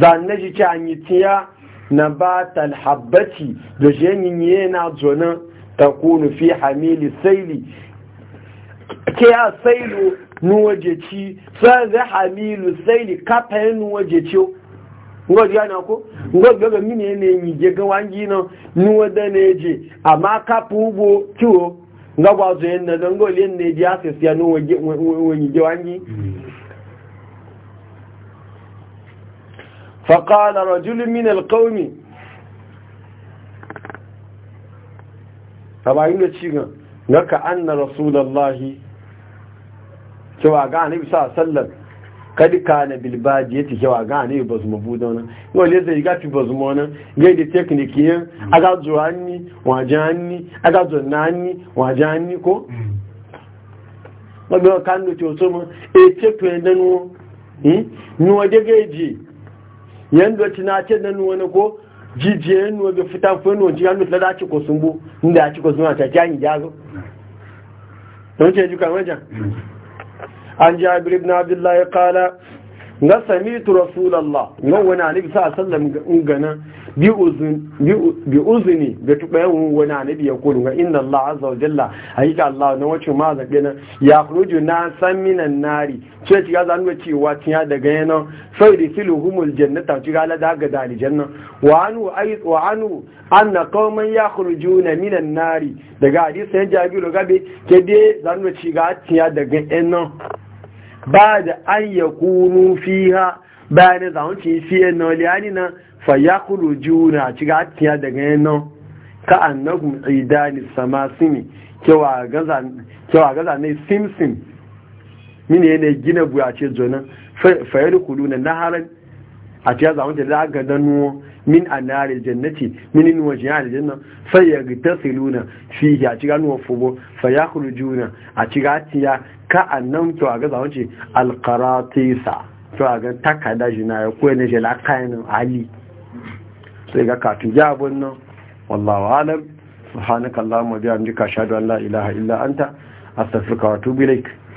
zane shi ce an yi tiya na ba talhabbati da shi yanyi na zonan ta kunu fi hamili saili ke a sailu nuwaje ci sai zai hamilu saili kafa yin nuwaje ciyo ngọdụ ya na-akwụ ngọdụ oge mmiri na-enyi je gawa nji nọ nuwede na-eji ama kapụ ugbo kiwo. nga gwazo yin na don gole ya ne ji aka siya ni wani giwangi faƙala rajulun min A tabayin da cigan na ka an na rasulallahi cewa ga anabi a sallar kadi kana bilbaji yace cewa ga ne ba su mabu dauna yau le zai ga fi ba na ga da tekniki ya mm. aga zuwanni wajanni aga ko mabe mm. kan do to ma e ce to endanu hmm ni waje geji yanda tina na nan ko jijiye ni waje fitan fani wani yanda tla da inda ci ko jago mm. an jabir ibn abdullahi qala na samitu rasulallah yau wani anabi sa sallam gana bi uzuni da tubayen wani anabi ya kulu ga inda Allah azza wa jalla hakika Allah na wacin ma zabe nan ya khruju na san minan nari ce ci ga zanuwa cewa ya daga yana sai da humul jannata ci ga da ga dali janna wa anu ay wa anu ya qauman na minan nari daga hadisi ya jabiru gabe ke dai zanuwa ci ga ya daga yana ba da an ya kunu ha bayan da zaunci yan na liyani na fayakulu juna ci ga atiya daga yan nan ka annahum idani sama simi kewa gaza ne simsim mini yana gina buya ce zonan fayar kulu na naharar a tiya zaun da aka danuwa min anari jannati min in wajen aljanna fa ya tasiluna fiye a cikin fubo fa ya juna a cikin gatiya ka nan to a ga zawon ce alkaratisa to a ga takada jina ya kuwa na jela kayanin ali sai ga katun ya abun nan wallahu alam subhanakallahumma bihamdika ashhadu an la ilaha illa anta astaghfiruka wa atubu ilaik